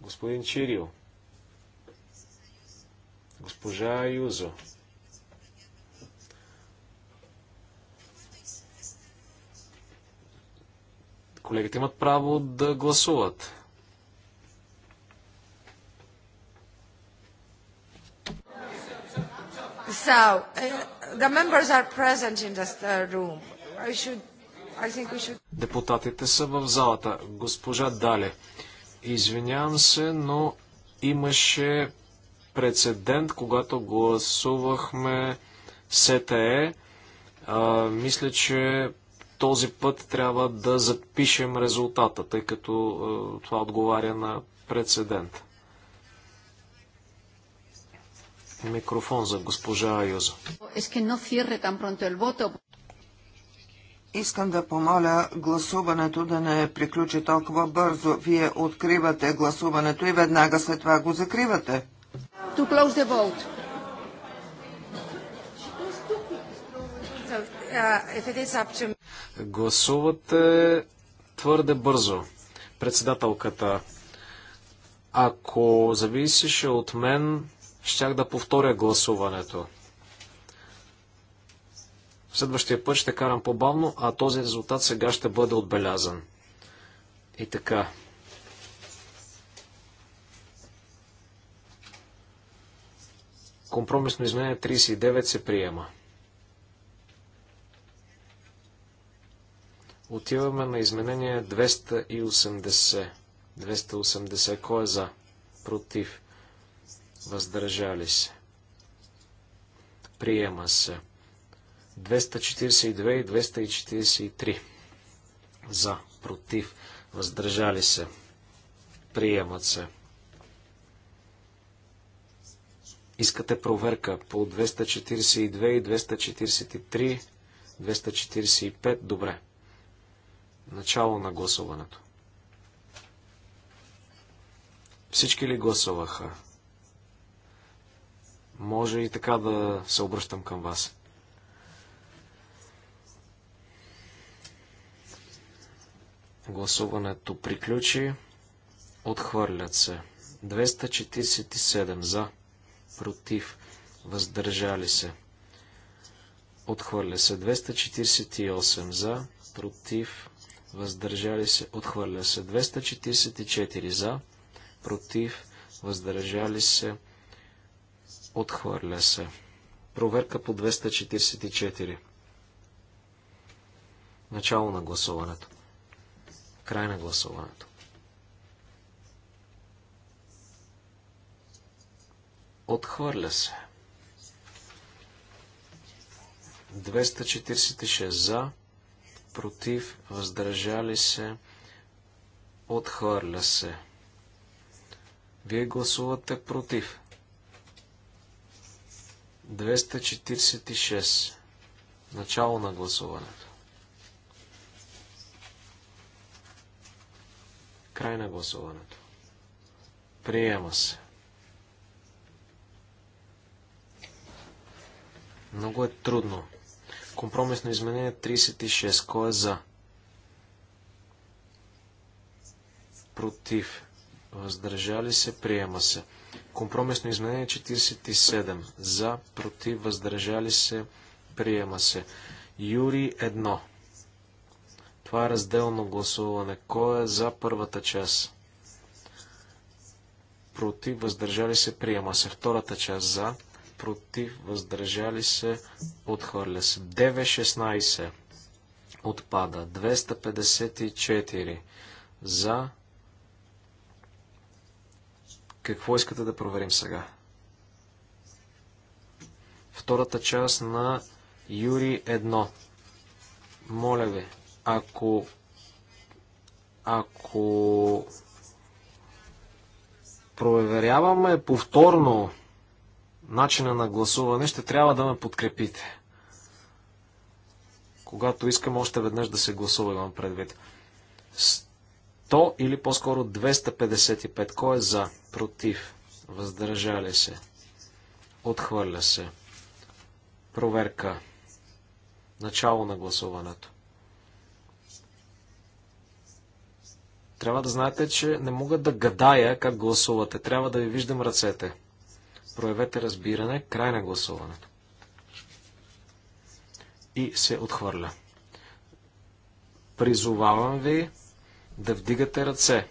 Господин Чирио. Госпожа Юзо. Колегите имат право да гласуват. So, uh, the members are present in this uh, room. I should, I think we should... Депутатите са в залата. Госпожа Дале, извинявам се, но имаше прецедент, когато гласувахме СТЕ. А, мисля, че този път трябва да запишем резултата, тъй като е, това отговаря на прецедент. Микрофон за госпожа Айоза. Е, Искам да помоля гласуването да не приключи толкова бързо. Вие откривате гласуването и веднага след това го закривате. To close the vote. So, uh, if it is up to Гласувате твърде бързо. Председателката, ако зависеше от мен, щях да повторя гласуването. Следващия път ще карам по-бавно, а този резултат сега ще бъде отбелязан. И така. Компромисно изменение 39 се приема. Отиваме на изменение 280. 280. Кой е за? Против. Въздържали се. Приема се. 242 и 243. За. Против. Въздържали се. Приемат се. Искате проверка по 242 и 243, 245. Добре. Начало на гласуването. Всички ли гласуваха? Може и така да се обръщам към вас. Гласуването приключи. Отхвърлят се. 247 за. Против. Въздържали се. Отхвърля се. 248 за. Против въздържали се, отхвърля се. 244 за, против, въздържали се, отхвърля се. Проверка по 244. Начало на гласуването. Край на гласуването. Отхвърля се. 246 за, против, въздържали се, отхвърля се. Вие гласувате против. 246. Начало на гласуването. Край на гласуването. Приема се. Много е трудно Компромисно изменение 36. Кой е за? Против. Въздържали се. Приема се. Компромисно изменение 47. За. Против. Въздържали се. Приема се. Юри 1. Това е разделно гласуване. Кой е за първата част? Против. Въздържали се. Приема се. Втората част. За против, въздържали се, отхвърля се. 9.16 отпада. 254 за. Какво искате да проверим сега? Втората част на Юри 1. Моля ви, ако ако проверяваме повторно начина на гласуване, ще трябва да ме подкрепите. Когато искам още веднъж да се гласува, имам предвид. 100 или по-скоро 255. Кой е за? Против? Въздържали се? Отхвърля се. Проверка. Начало на гласуването. Трябва да знаете, че не мога да гадая как гласувате. Трябва да ви виждам ръцете проявете разбиране, край на гласуването. И се отхвърля. Призовавам ви да вдигате ръце,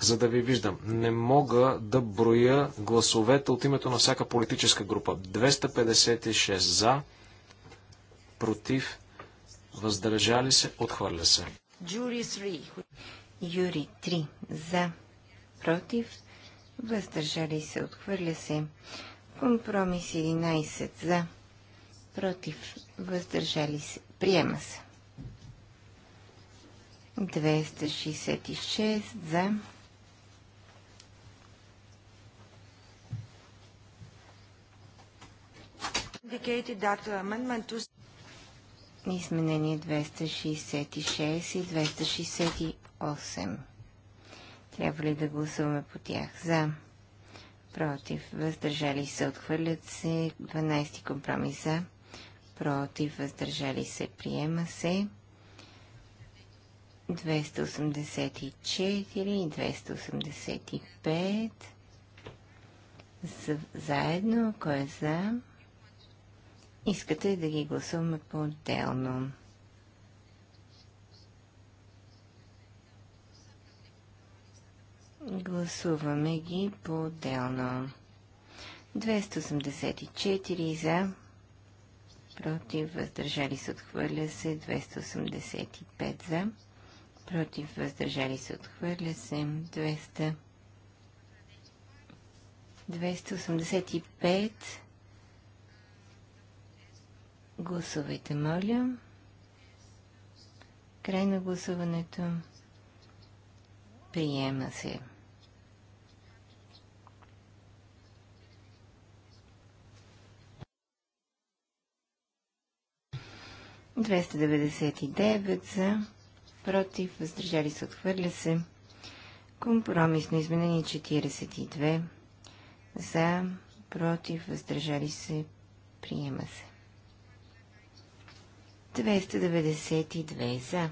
за да ви виждам. Не мога да броя гласовете от името на всяка политическа група. 256 за, против, въздържали се, отхвърля се. Юри 3. Юри 3. За. Против въздържали се, отхвърля се. Компромис 11 за, против, въздържали се, приема се. 266 за, Изменение 266 и 268. Трябва ли да гласуваме по тях? За. Против. Въздържали се. Отхвърлят се. 12 компромис. За. Против. Въздържали се. Приема се. 284 и 285 за, заедно, кой е за. Искате да ги гласуваме по-отделно. Гласуваме ги по-отделно. 284 за, против, въздържали се, отхвърля се, 285 за, против, въздържали се, отхвърля се, 200, 285, гласувайте, моля, край на гласуването, приема се. 299 за, против, въздържали се, отхвърля се. Компромисно изменение 42 за, против, въздържали се, приема се. 292 за,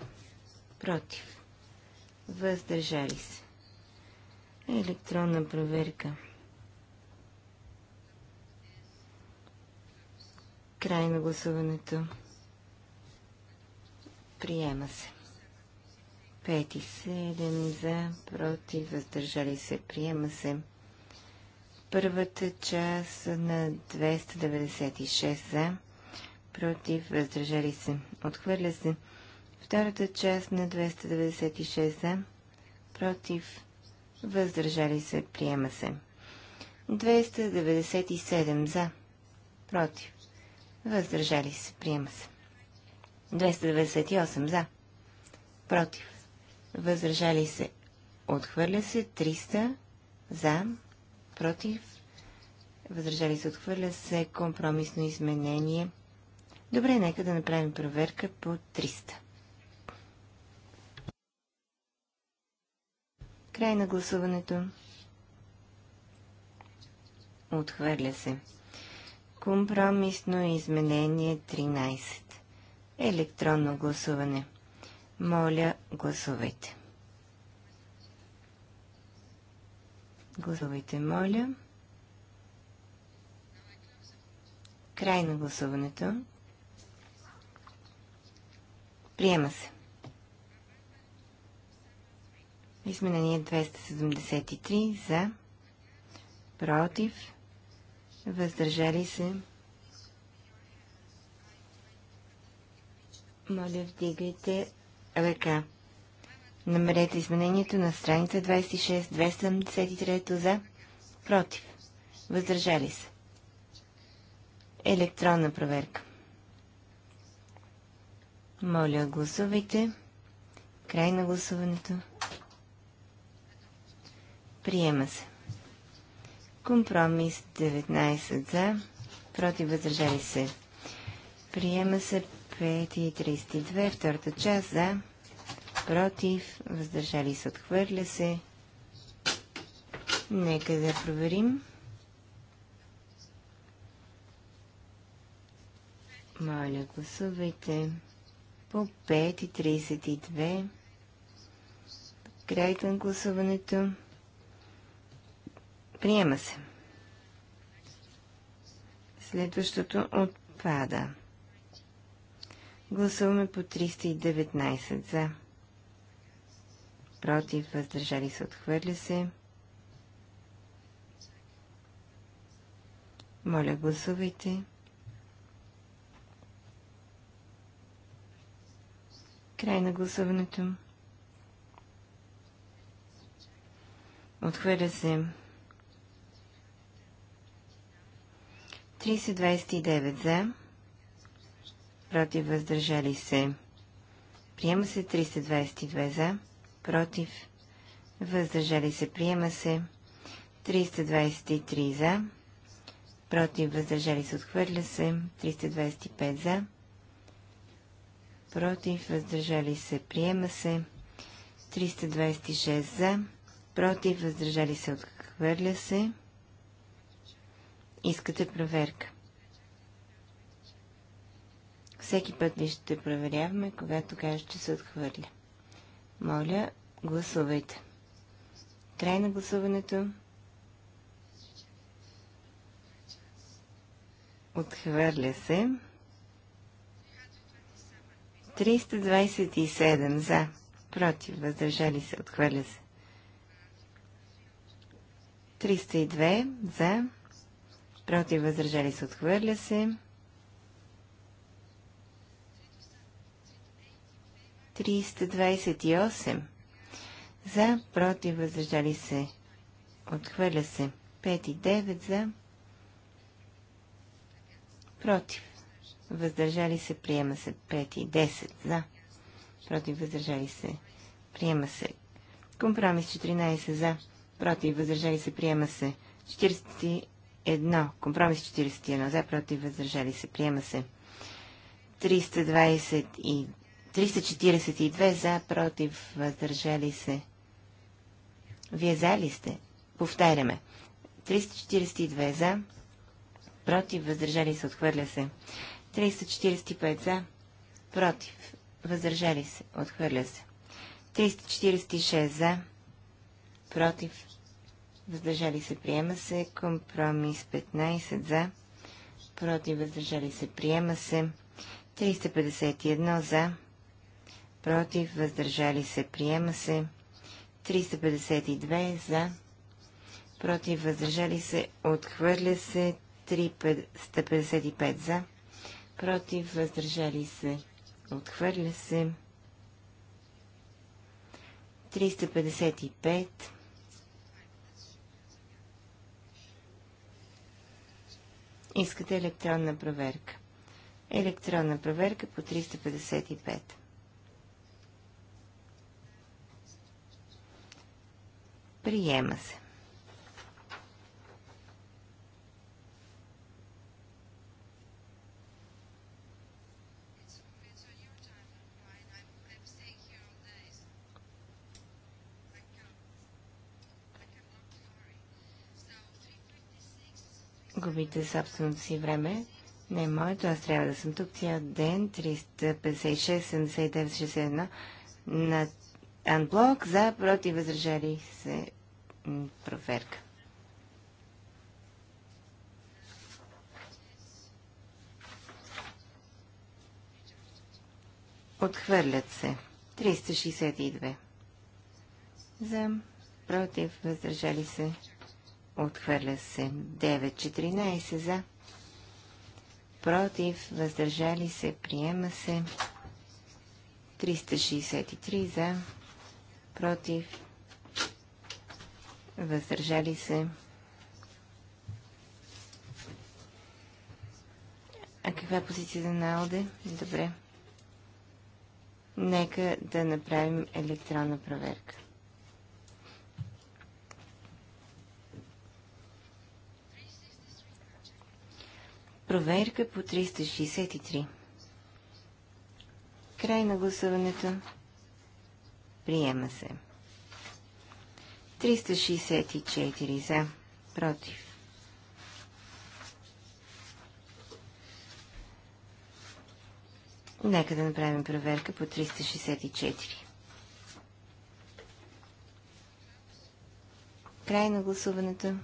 против, въздържали се. Електронна проверка. Край на гласуването. Приема се. 5,7 за, против, въздържали се, приема се. Първата част на 296 за, против, въздържали се, отхвърля се. Втората част на 296 за, против, въздържали се, приема се. 297 за, против, въздържали се, приема се. 298 за. Против. Възражали се. Отхвърля се. 300 за. Против. Възражали се. Отхвърля се. Компромисно изменение. Добре, нека да направим проверка по 300. Край на гласуването. Отхвърля се. Компромисно изменение 13 електронно гласуване. Моля, гласувайте. Гласувайте, моля. Край на гласуването. Приема се. Изменение 273 за, против, въздържали се, Моля, вдигайте ръка. Намерете изменението на страница 26, 273 за, против, въздържали се. Електронна проверка. Моля, гласувайте. Край на гласуването. Приема се. Компромис 19 за, против въздържали се. Приема се Приети е 32, втората част за, против, въздържали се, отхвърля се. Нека да проверим. Моля, гласувайте по 5.32. Край на гласуването. Приема се. Следващото отпада. Гласуваме по 319 за. Против, въздържали се, отхвърля се. Моля, гласувайте. Край на гласуването. Отхвърля се. 329 за против, въздържали се. Приема се 322 за, против, въздържали се. Приема се 323 за, против, въздържали се. Отхвърля се 325 за, против, въздържали се. Приема се 326 за, против, въздържали се. Отхвърля се. Искате проверка. Всеки път ли ще проверяваме, когато кажа, че се отхвърля. Моля, гласувайте. Край на гласуването. Отхвърля се. 327 за. Против. Въздържали се. Отхвърля се. 302 за. Против. Въздържали се. Отхвърля се. 328. За, против, въздържали се. Отхвърля се. 5 и 9 за. Против. Въздържали се. Приема се. 5 и 10 за. Против, въздържали се. Приема се. Компромис 14 за. Против, въздържали се. Приема се. 41. Компромис 41 за. Против, въздържали се. Приема се. 329 342 за, против, въздържали се. Вие за ли сте? Повтаряме. 342 за, против, въздържали се, отхвърля се. 345 за, против, въздържали се, отхвърля се. 346 за, против, въздържали се, приема се. Компромис 15 за, против, въздържали се, приема се. 351 за, против, въздържали се, приема се. 352 за, против, въздържали се, отхвърля се. 355 за, против, въздържали се, отхвърля се. 355 Искате електронна проверка. Електронна проверка по 355. Приема се. губите собственото си време. Не е моето, аз трябва да съм тук цял ден, 356, 79, 61 на Unblock за, против, възражали се, проверка. Отхвърлят се. 362. За, против, въздържали се. Отхвърля се. 9.14 за. Против, въздържали се, приема се. 363 за. Против, въздържали се. А каква е позицията на Алде? Добре. Нека да направим електронна проверка. Проверка по 363. Край на гласуването. Приема се. 364 за, против. Нека да направим проверка по 364. Край на гласуването.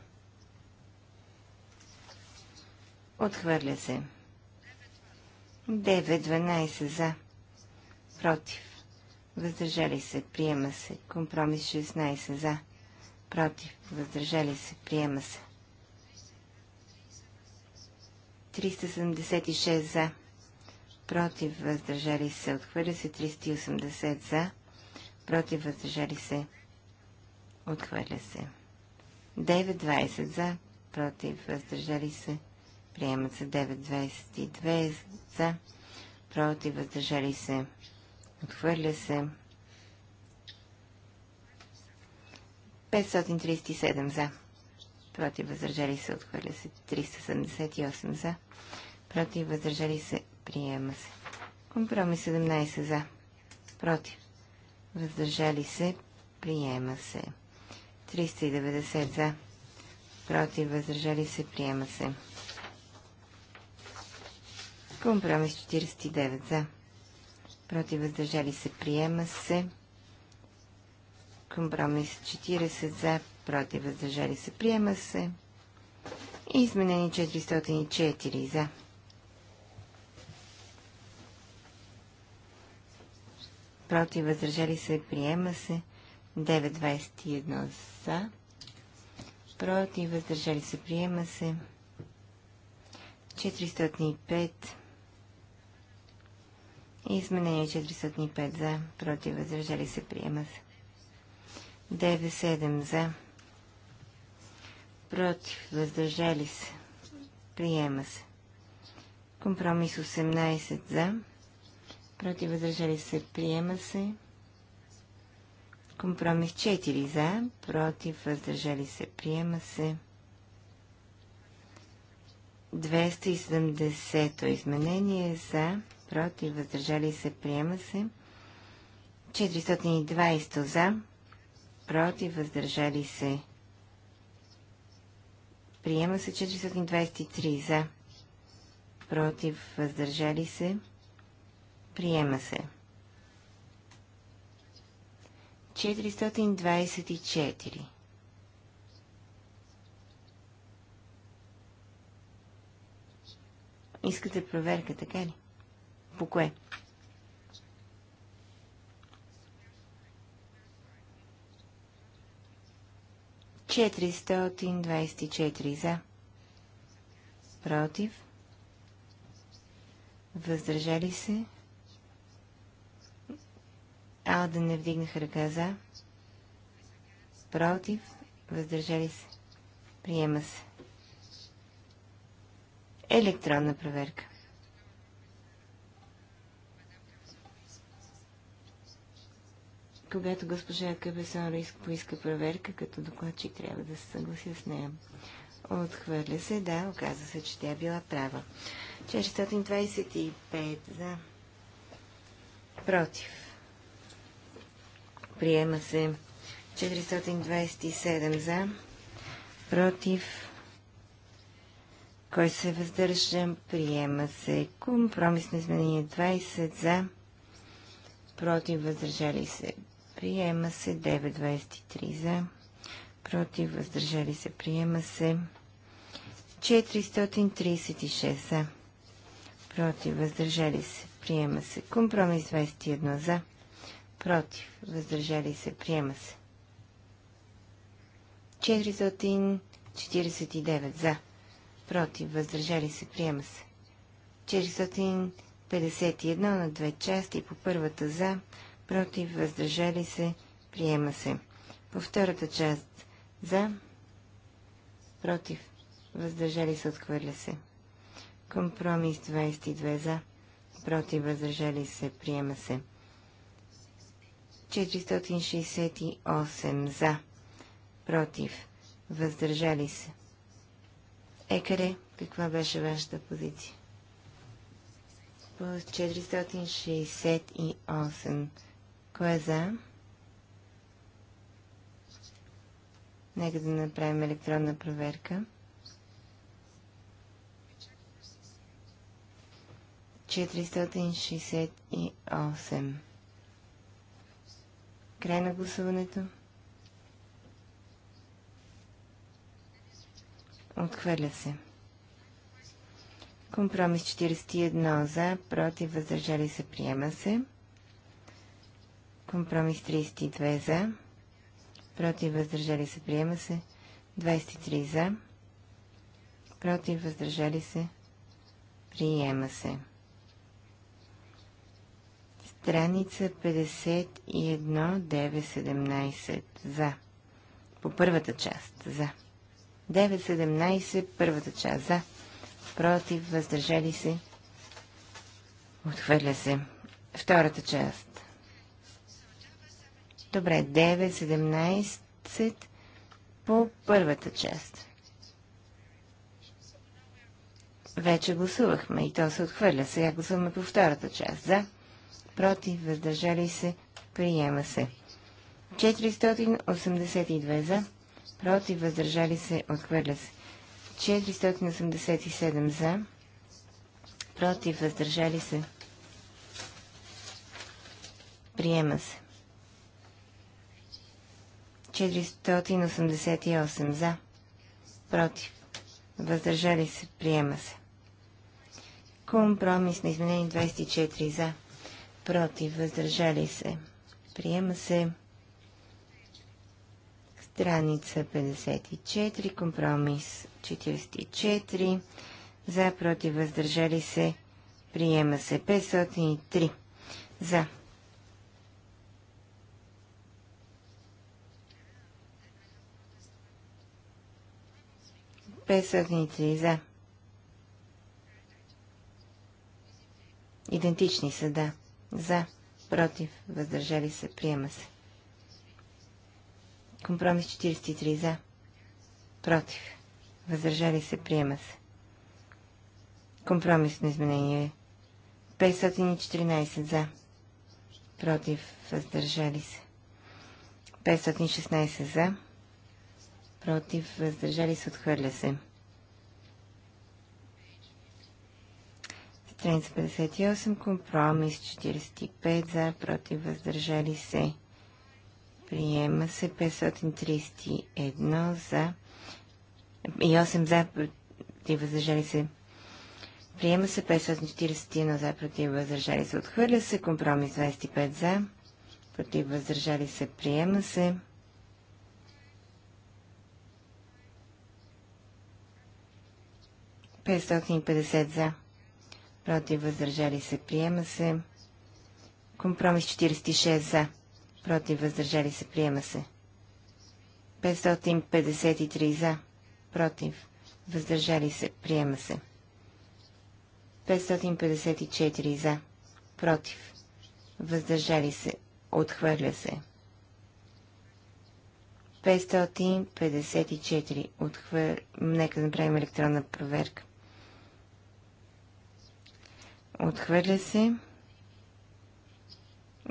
Отхвърля се. 9-12 за. Против. Въздържали се. Приема се. Компромис 16 за против, въздържали се, приема се. 376 за, против, въздържали се, отхвърля се. 380 за, против, въздържали се, отхвърля се. 920 за, против, въздържали се, приемат се. 922 за, против, въздържали се, отхвърля се. 537 за. Против въздържали се отхвърля се 378 за. Против въздържали се приема се. Компромис 17 за. Против. Въздържали се приема се. 390 за. Против въздържали се приема се. Компромис 49 за. Против въздържали се приема се. Компромис 40 за, против, въздържали се, приема се. И изменени 404 за. Против, въздържали се, приема се. 921 за. Против, въздържали се, приема се. 405 Изменение 405 за, против, въздържали се, приема се. 9-7 за. Против. Въздържали се. Приема се. Компромис 18 за. Против. Въздържали се. Приема се. Компромис 4 за. Против. Въздържали се. Приема се. 270-то изменение за. Против. Въздържали се. Приема се. 420 за против, въздържали се. Приема се 423 за, против, въздържали се. Приема се. 424 Искате проверка, така ли? По кое? 424 за. Против. Въздържали се. А да не вдигнаха ръка за. Против. Въздържали се. Приема се. Електронна проверка. когато госпожа Кабесон поиска проверка, като докладчик трябва да се съгласи с нея. Отхвърля се, да, оказа се, че тя е била права. 425 за. Против. Приема се 427 за. Против. Кой се въздържа? Приема се компромисно изменение 20 за. Против въздържали се. Приема се 9.23 за. Против. Въздържали се. Приема се 436 за. Против. Въздържали се. Приема се. Компромис 21 за. Против. Въздържали се. Приема се. 449 за. Против. Въздържали се. Приема се. 451 на две части по първата за против, въздържали се, приема се. По втората част за, против, въздържали се, отхвърля се. Компромис 22 за, против, въздържали се, приема се. 468 за, против, въздържали се. Екаре, каква беше вашата позиция? По 468 кой е за? Нека да направим електронна проверка. 468. Край на гласуването. Отхвърля се. Компромис 41 за, против, въздържали се, приема се. Компромис 32 за. Против въздържали се. Приема се. 23 за. Против въздържали се. Приема се. Страница 51-917 за. По първата част за. 917 първата част за. Против въздържали се. Отхвърля се. Втората част Добре, 9, 17 по първата част. Вече гласувахме и то се отхвърля. Сега гласуваме по втората част. За, против, въздържали се, приема се. 482 за, против, въздържали се, отхвърля се. 487 за, против, въздържали се, приема се. 488 за. Против. Въздържали се. Приема се. Компромис на изменение 24 за. Против. Въздържали се. Приема се. Страница 54. Компромис 44. За. Против. Въздържали се. Приема се. 503. За 503 за. Идентични са, да. За, против, въздържали се, приема се. Компромис 43 за. Против. Въздържали се, приема се. на изменение 514 за. Против, въздържали се. 516 за против, въздържали се, отхвърля се. Страница 58, компромис 45, за, против, въздържали се. Приема се 531 за и 8 за, против, въздържали се. Приема се 541 за, против, въздържали се. Отхвърля се компромис 25 за, против, въздържали се. Приема се. 550 за. Против въздържали се. Приема се. Компромис 46 за. Против въздържали се. Приема се. 553 за. Против въздържали се. Приема се. 554 за. Против. Въздържали се. Отхвърля се. 554. Отхвър... Нека направим електронна проверка. Отхвърля се.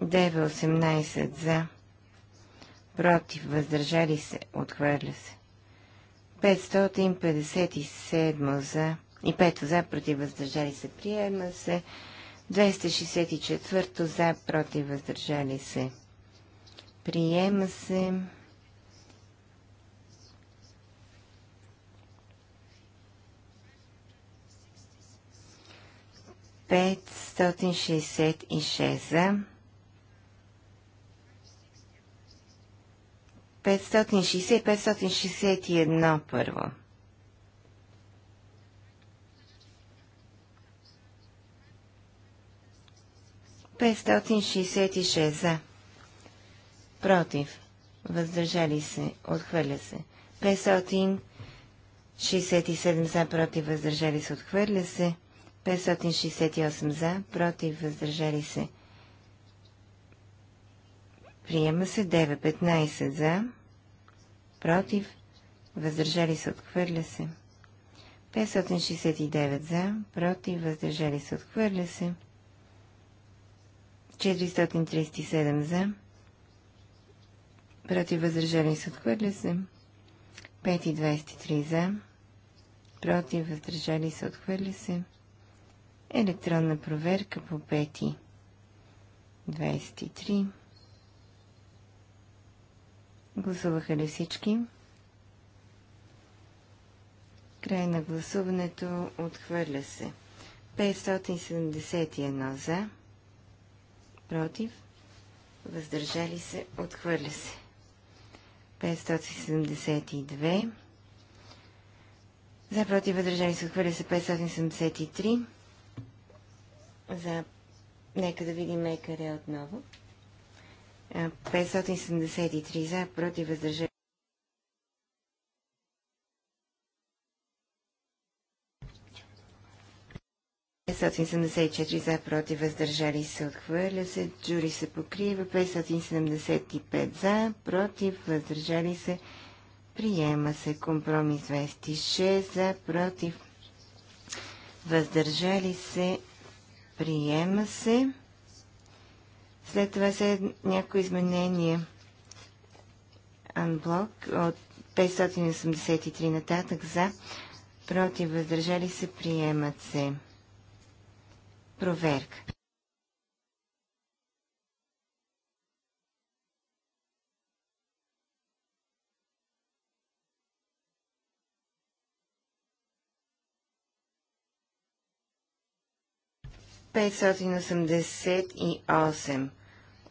9-18 за. Против. Въздържали се. Отхвърля се. 557 за. И 5 за. Против. Въздържали се. Приема се. 264 за. Против. Въздържали се. Приема се. 566 за, 560 561 първо. Петстотин за. Против. Въздържали се. Отхвърля се. 567 за. Против. Въздържали се. Отхвърля се. 568 за, против, въздържали се. Приема се 915 за, против, въздържали се, отхвърля се. 569 за, против, въздържали се, отхвърля се. 437 за, против, въздържали се, отхвърля се. 523 за, против, въздържали се, отхвърля се електронна проверка по пети 23. Гласуваха ли всички? Край на гласуването отхвърля се. 571 за, против, въздържали се, отхвърля се. 572 за, против, въздържали се, отхвърля се 573 за... Нека да видим екаре отново. 573 за, против, въздържали. за, против, въздържали се, отхвърля се, джури се покрива, 575 за, против, въздържали се, приема се, компромис 26 за, против, въздържали се, Приема се. След това са някои изменения анблок от 583 нататък за, против, въздържали се, приемат се. Проверка. 588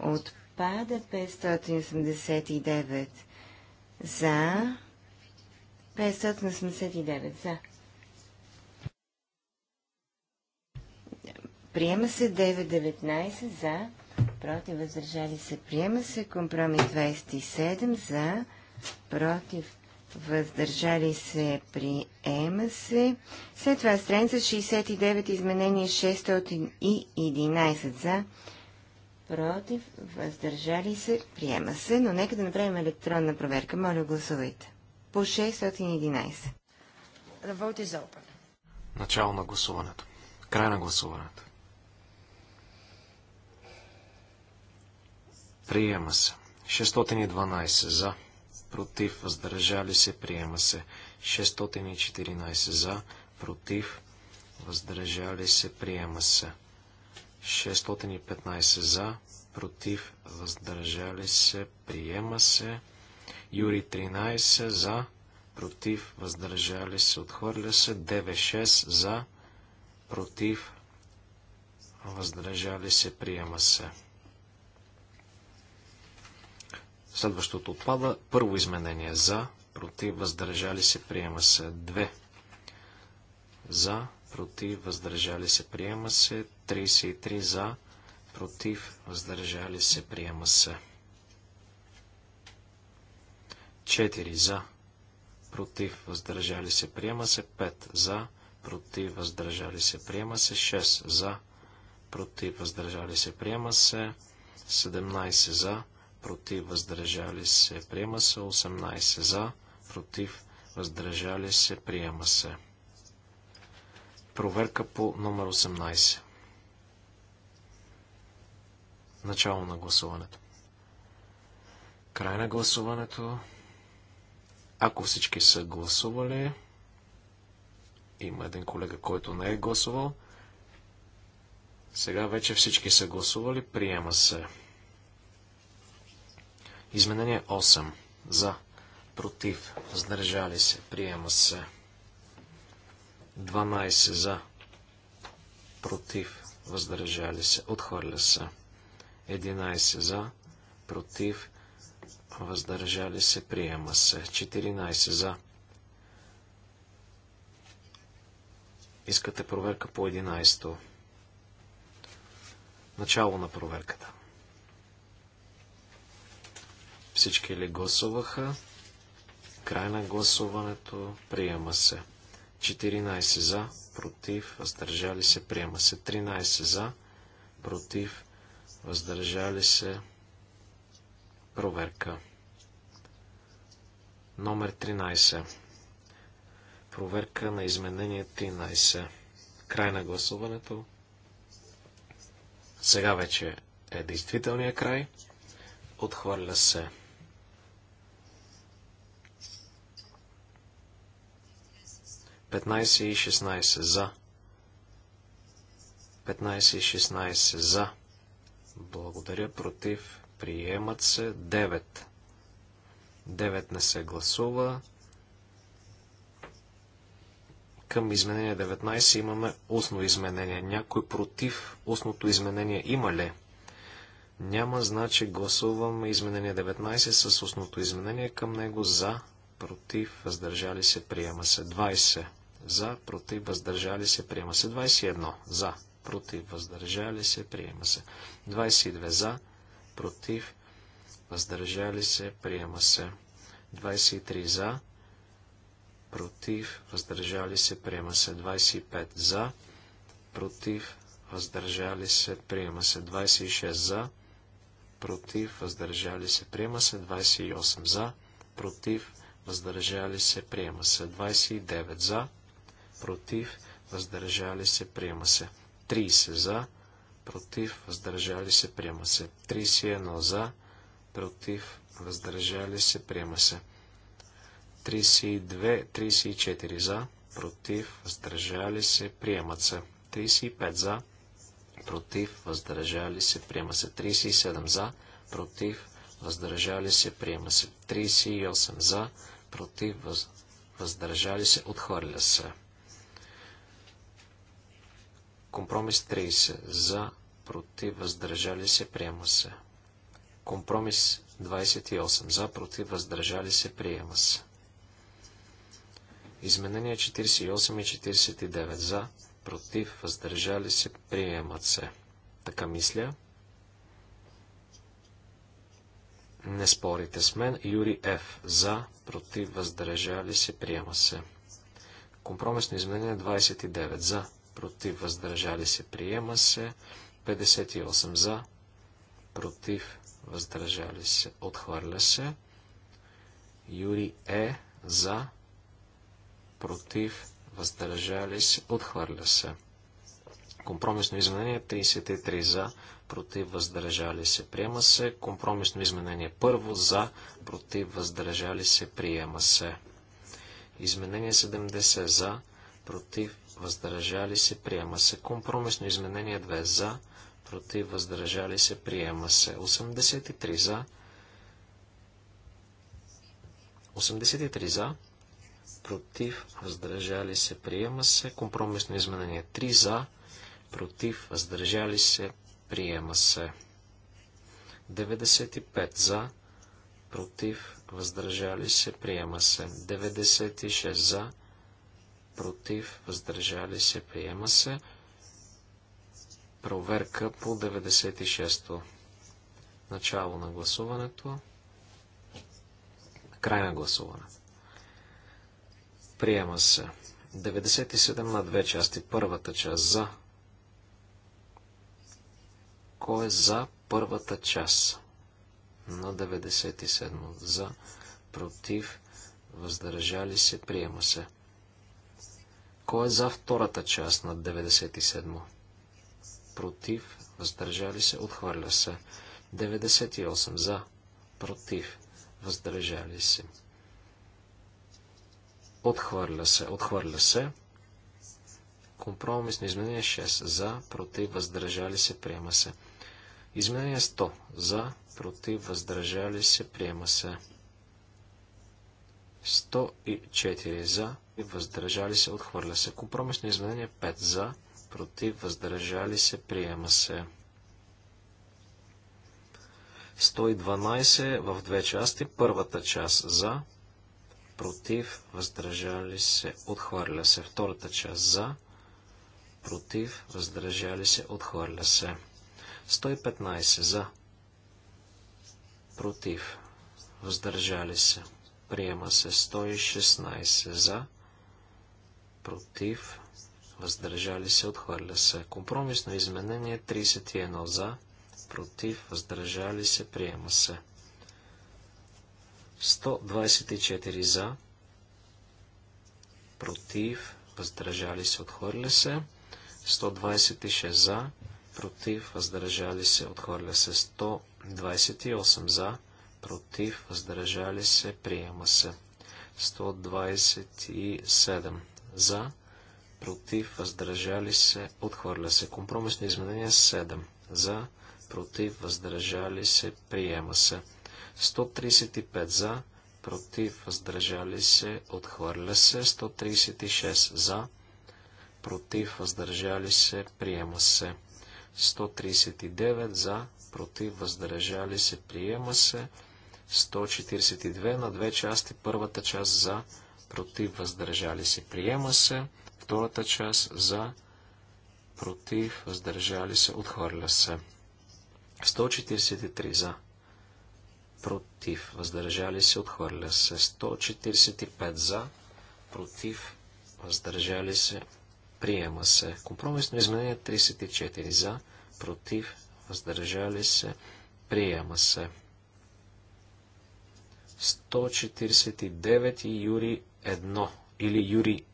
отпада, 589 за, 589 за. Приема се 919 за, против въздържали се. Приема се компромис 27 за, против въздържали се, приема се. След това страница 69, изменение 611 за, против, въздържали се, приема се. Но нека да направим електронна проверка. Моля, гласувайте. По 611. The vote is open. Начало на гласуването. Край на гласуването. Приема се. 612 за против, въздържали се, приема се. 614 за, против, въздържали се, приема се. 615 за, против, въздържали се, приема се. Юри 13 за, против, въздържали се, отхвърля се. 96 за, против, въздържали се, приема се. Следващото отпада. Първо изменение за, против, въздържали се, приема се. 2. За, против, въздържали се, приема се. 33 за, против, въздържали се, приема се. 4 за, против, въздържали се, приема се. 5 за, против, въздържали се, приема се. 6 за, против, въздържали се, приема се. 17 за, против, въздържали се, приема се. 18 за, против, въздържали се, приема се. Проверка по номер 18. Начало на гласуването. Край на гласуването. Ако всички са гласували, има един колега, който не е гласувал. Сега вече всички са гласували, приема се. Изменение 8. За. Против. Въздържали се. Приема се. 12. За. Против. Въздържали се. Отхвърля се. 11. За. Против. Въздържали се. Приема се. 14. За. Искате проверка по 11. Начало на проверката. Всички ли гласуваха? Край на гласуването. Приема се. 14 за, против, въздържали се, приема се. 13 за, против, въздържали се. Проверка. Номер 13. Проверка на изменение 13. Край на гласуването. Сега вече е действителният край. Отхвърля се. 15 и 16 за. 15 и 16 за. Благодаря. Против. Приемат се. 9. 9 не се гласува. Към изменение 19 имаме устно изменение. Някой против устното изменение има ли? Няма, значи гласуваме изменение 19 с устното изменение към него за, против, въздържали се, приема се 20 за, против, въздържали се, приема се. 21 за, против, въздържали се, приема се. 22 за, против, въздържали се, приема се. 23 за, против, въздържали се, приема се. 25 за, против, въздържали се, приема се. 26 за, против, въздържали се, приема се. 28 за, против, въздържали се, приема се. 29 за, против, въздържали се, приема се. 30 за, против, въздържали се, приема се. 31 за, против, въздържали се, приема се. 32, 34 за, против, въздържали се, приемат се. 35 за, против, въздържали се, приема се. 37 за, против, въздържали се, приема се. 38 за, против, въздържали се, отхвърля се. Компромис 30. За, против, въздържали се, приема се. Компромис 28. За, против, въздържали се, приема се. Изменения 48 и 49. За, против, въздържали се, приемат се. Така мисля. Не спорите с мен. Юри Ф. За, против, въздържали се, приема се. Компромисно изменение 29. За, против, въздържали се, приема се. 58 за, против, въздържали се, отхвърля се. Юри Е за, против, въздържали се, отхвърля се. Компромисно изменение 33 за, против, въздържали се, приема се. Компромисно изменение първо за, против, въздържали се, приема се. Изменение 70 за, против, въздържали се, приема се. Компромисно изменение 2 за, против, въздържали се, приема се. 83 за, 83 за, против, въздържали се, приема се. Компромисно изменение 3 за, против, въздържали се, приема се. 95 за, против, въздържали се, приема се. 96 за, против, против, въздържали се, приема се. Проверка по 96-то. Начало на гласуването. Край на гласуване. Приема се. 97 на две части. Първата част за. Кой е за първата част? На 97 за. Против. Въздържали се. Приема се. Кой е за втората част на 97? Против, въздържали се, отхвърля се. 98 за, против, въздържали се. Отхвърля се, отхвърля се. Компромисно изменение 6 за, против, въздържали се, приема се. Изменение 100 за, против, въздържали се, приема се. 104 за, въздържали се, отхвърля се. Компромисно изменение 5 за, против, въздържали се, приема се. 112 в две части. Първата част за, против, въздържали се, отхвърля се. Втората част за, против, въздържали се, отхвърля се. 115 за, против, въздържали се, приема се. 116 за, против, въздържали се, отхвърля се. Компромисно изменение 31 за, против, въздържали се, приема се. 124 за, против, въздържали се, отхвърля се. 126 за, против, въздържали се, отхвърля се. 128 за, против, въздържали се, приема се. 127 за, против, въздържали се, отхвърля се. Компромисно изменение 7 за, против, въздържали се, приема се. 135 за, против, въздържали се, отхвърля се. 136 за, против, въздържали се, приема се. 139 за, против, въздържали се, приема се. 142 на две части, първата част за, против, въздържали се, приема се. Втората част за, против, въздържали се, отхвърля се. 143 за, против, въздържали се, отхвърля се. 145 за, против, въздържали се, приема се. Компромисно изменение 34 за, против, въздържали се, приема се. 149 и Юри Едно или Юри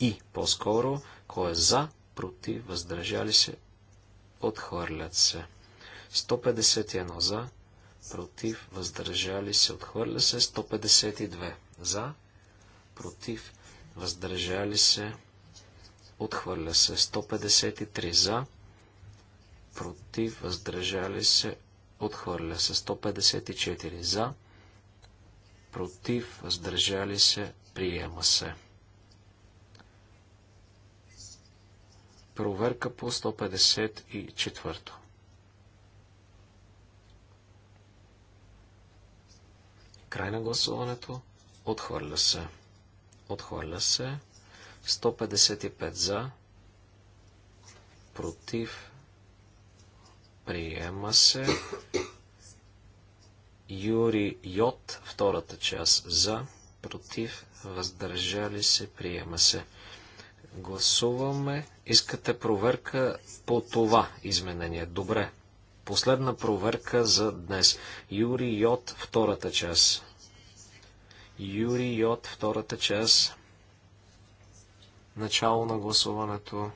И по-скоро, кой е за, против, въздържали се, отхвърлят се. 151 за, против, въздържали се, отхвърля се. 152 за, против, въздържали се, отхвърля се. 153 за, против, въздържали се, отхвърля се. 154 за, против, въздържали се, Приема се. Проверка по 154. Край на гласуването. Отхвърля се. Отхвърля се. 155 за. Против. Приема се. Юри Йот, втората част за, против, въздържали се, приема се. Гласуваме. Искате проверка по това изменение. Добре. Последна проверка за днес. Юри Йот, втората част. Юри Йот, втората част. Начало на гласуването.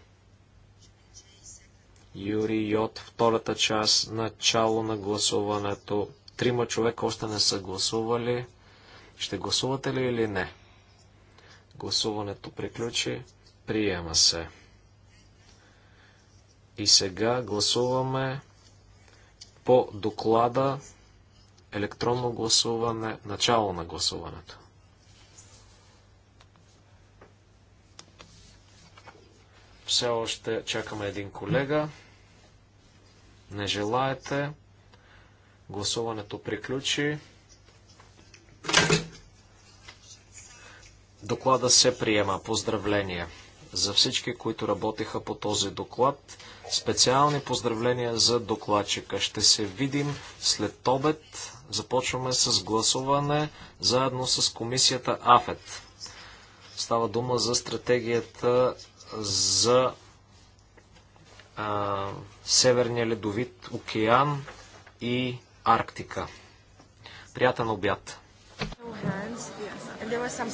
Юри Йот, втората част. Начало на гласуването. Трима човека още не са гласували. Ще гласувате ли или не? Гласуването приключи. Приема се. И сега гласуваме по доклада електронно гласуване, начало на гласуването. Все още чакаме един колега. Не желаете. Гласуването приключи. Доклада се приема. Поздравления за всички, които работеха по този доклад. Специални поздравления за докладчика. Ще се видим след обед. Започваме с гласуване заедно с комисията АФЕТ. Става дума за стратегията за а, Северния ледовит океан и Арктика. Приятен обяд!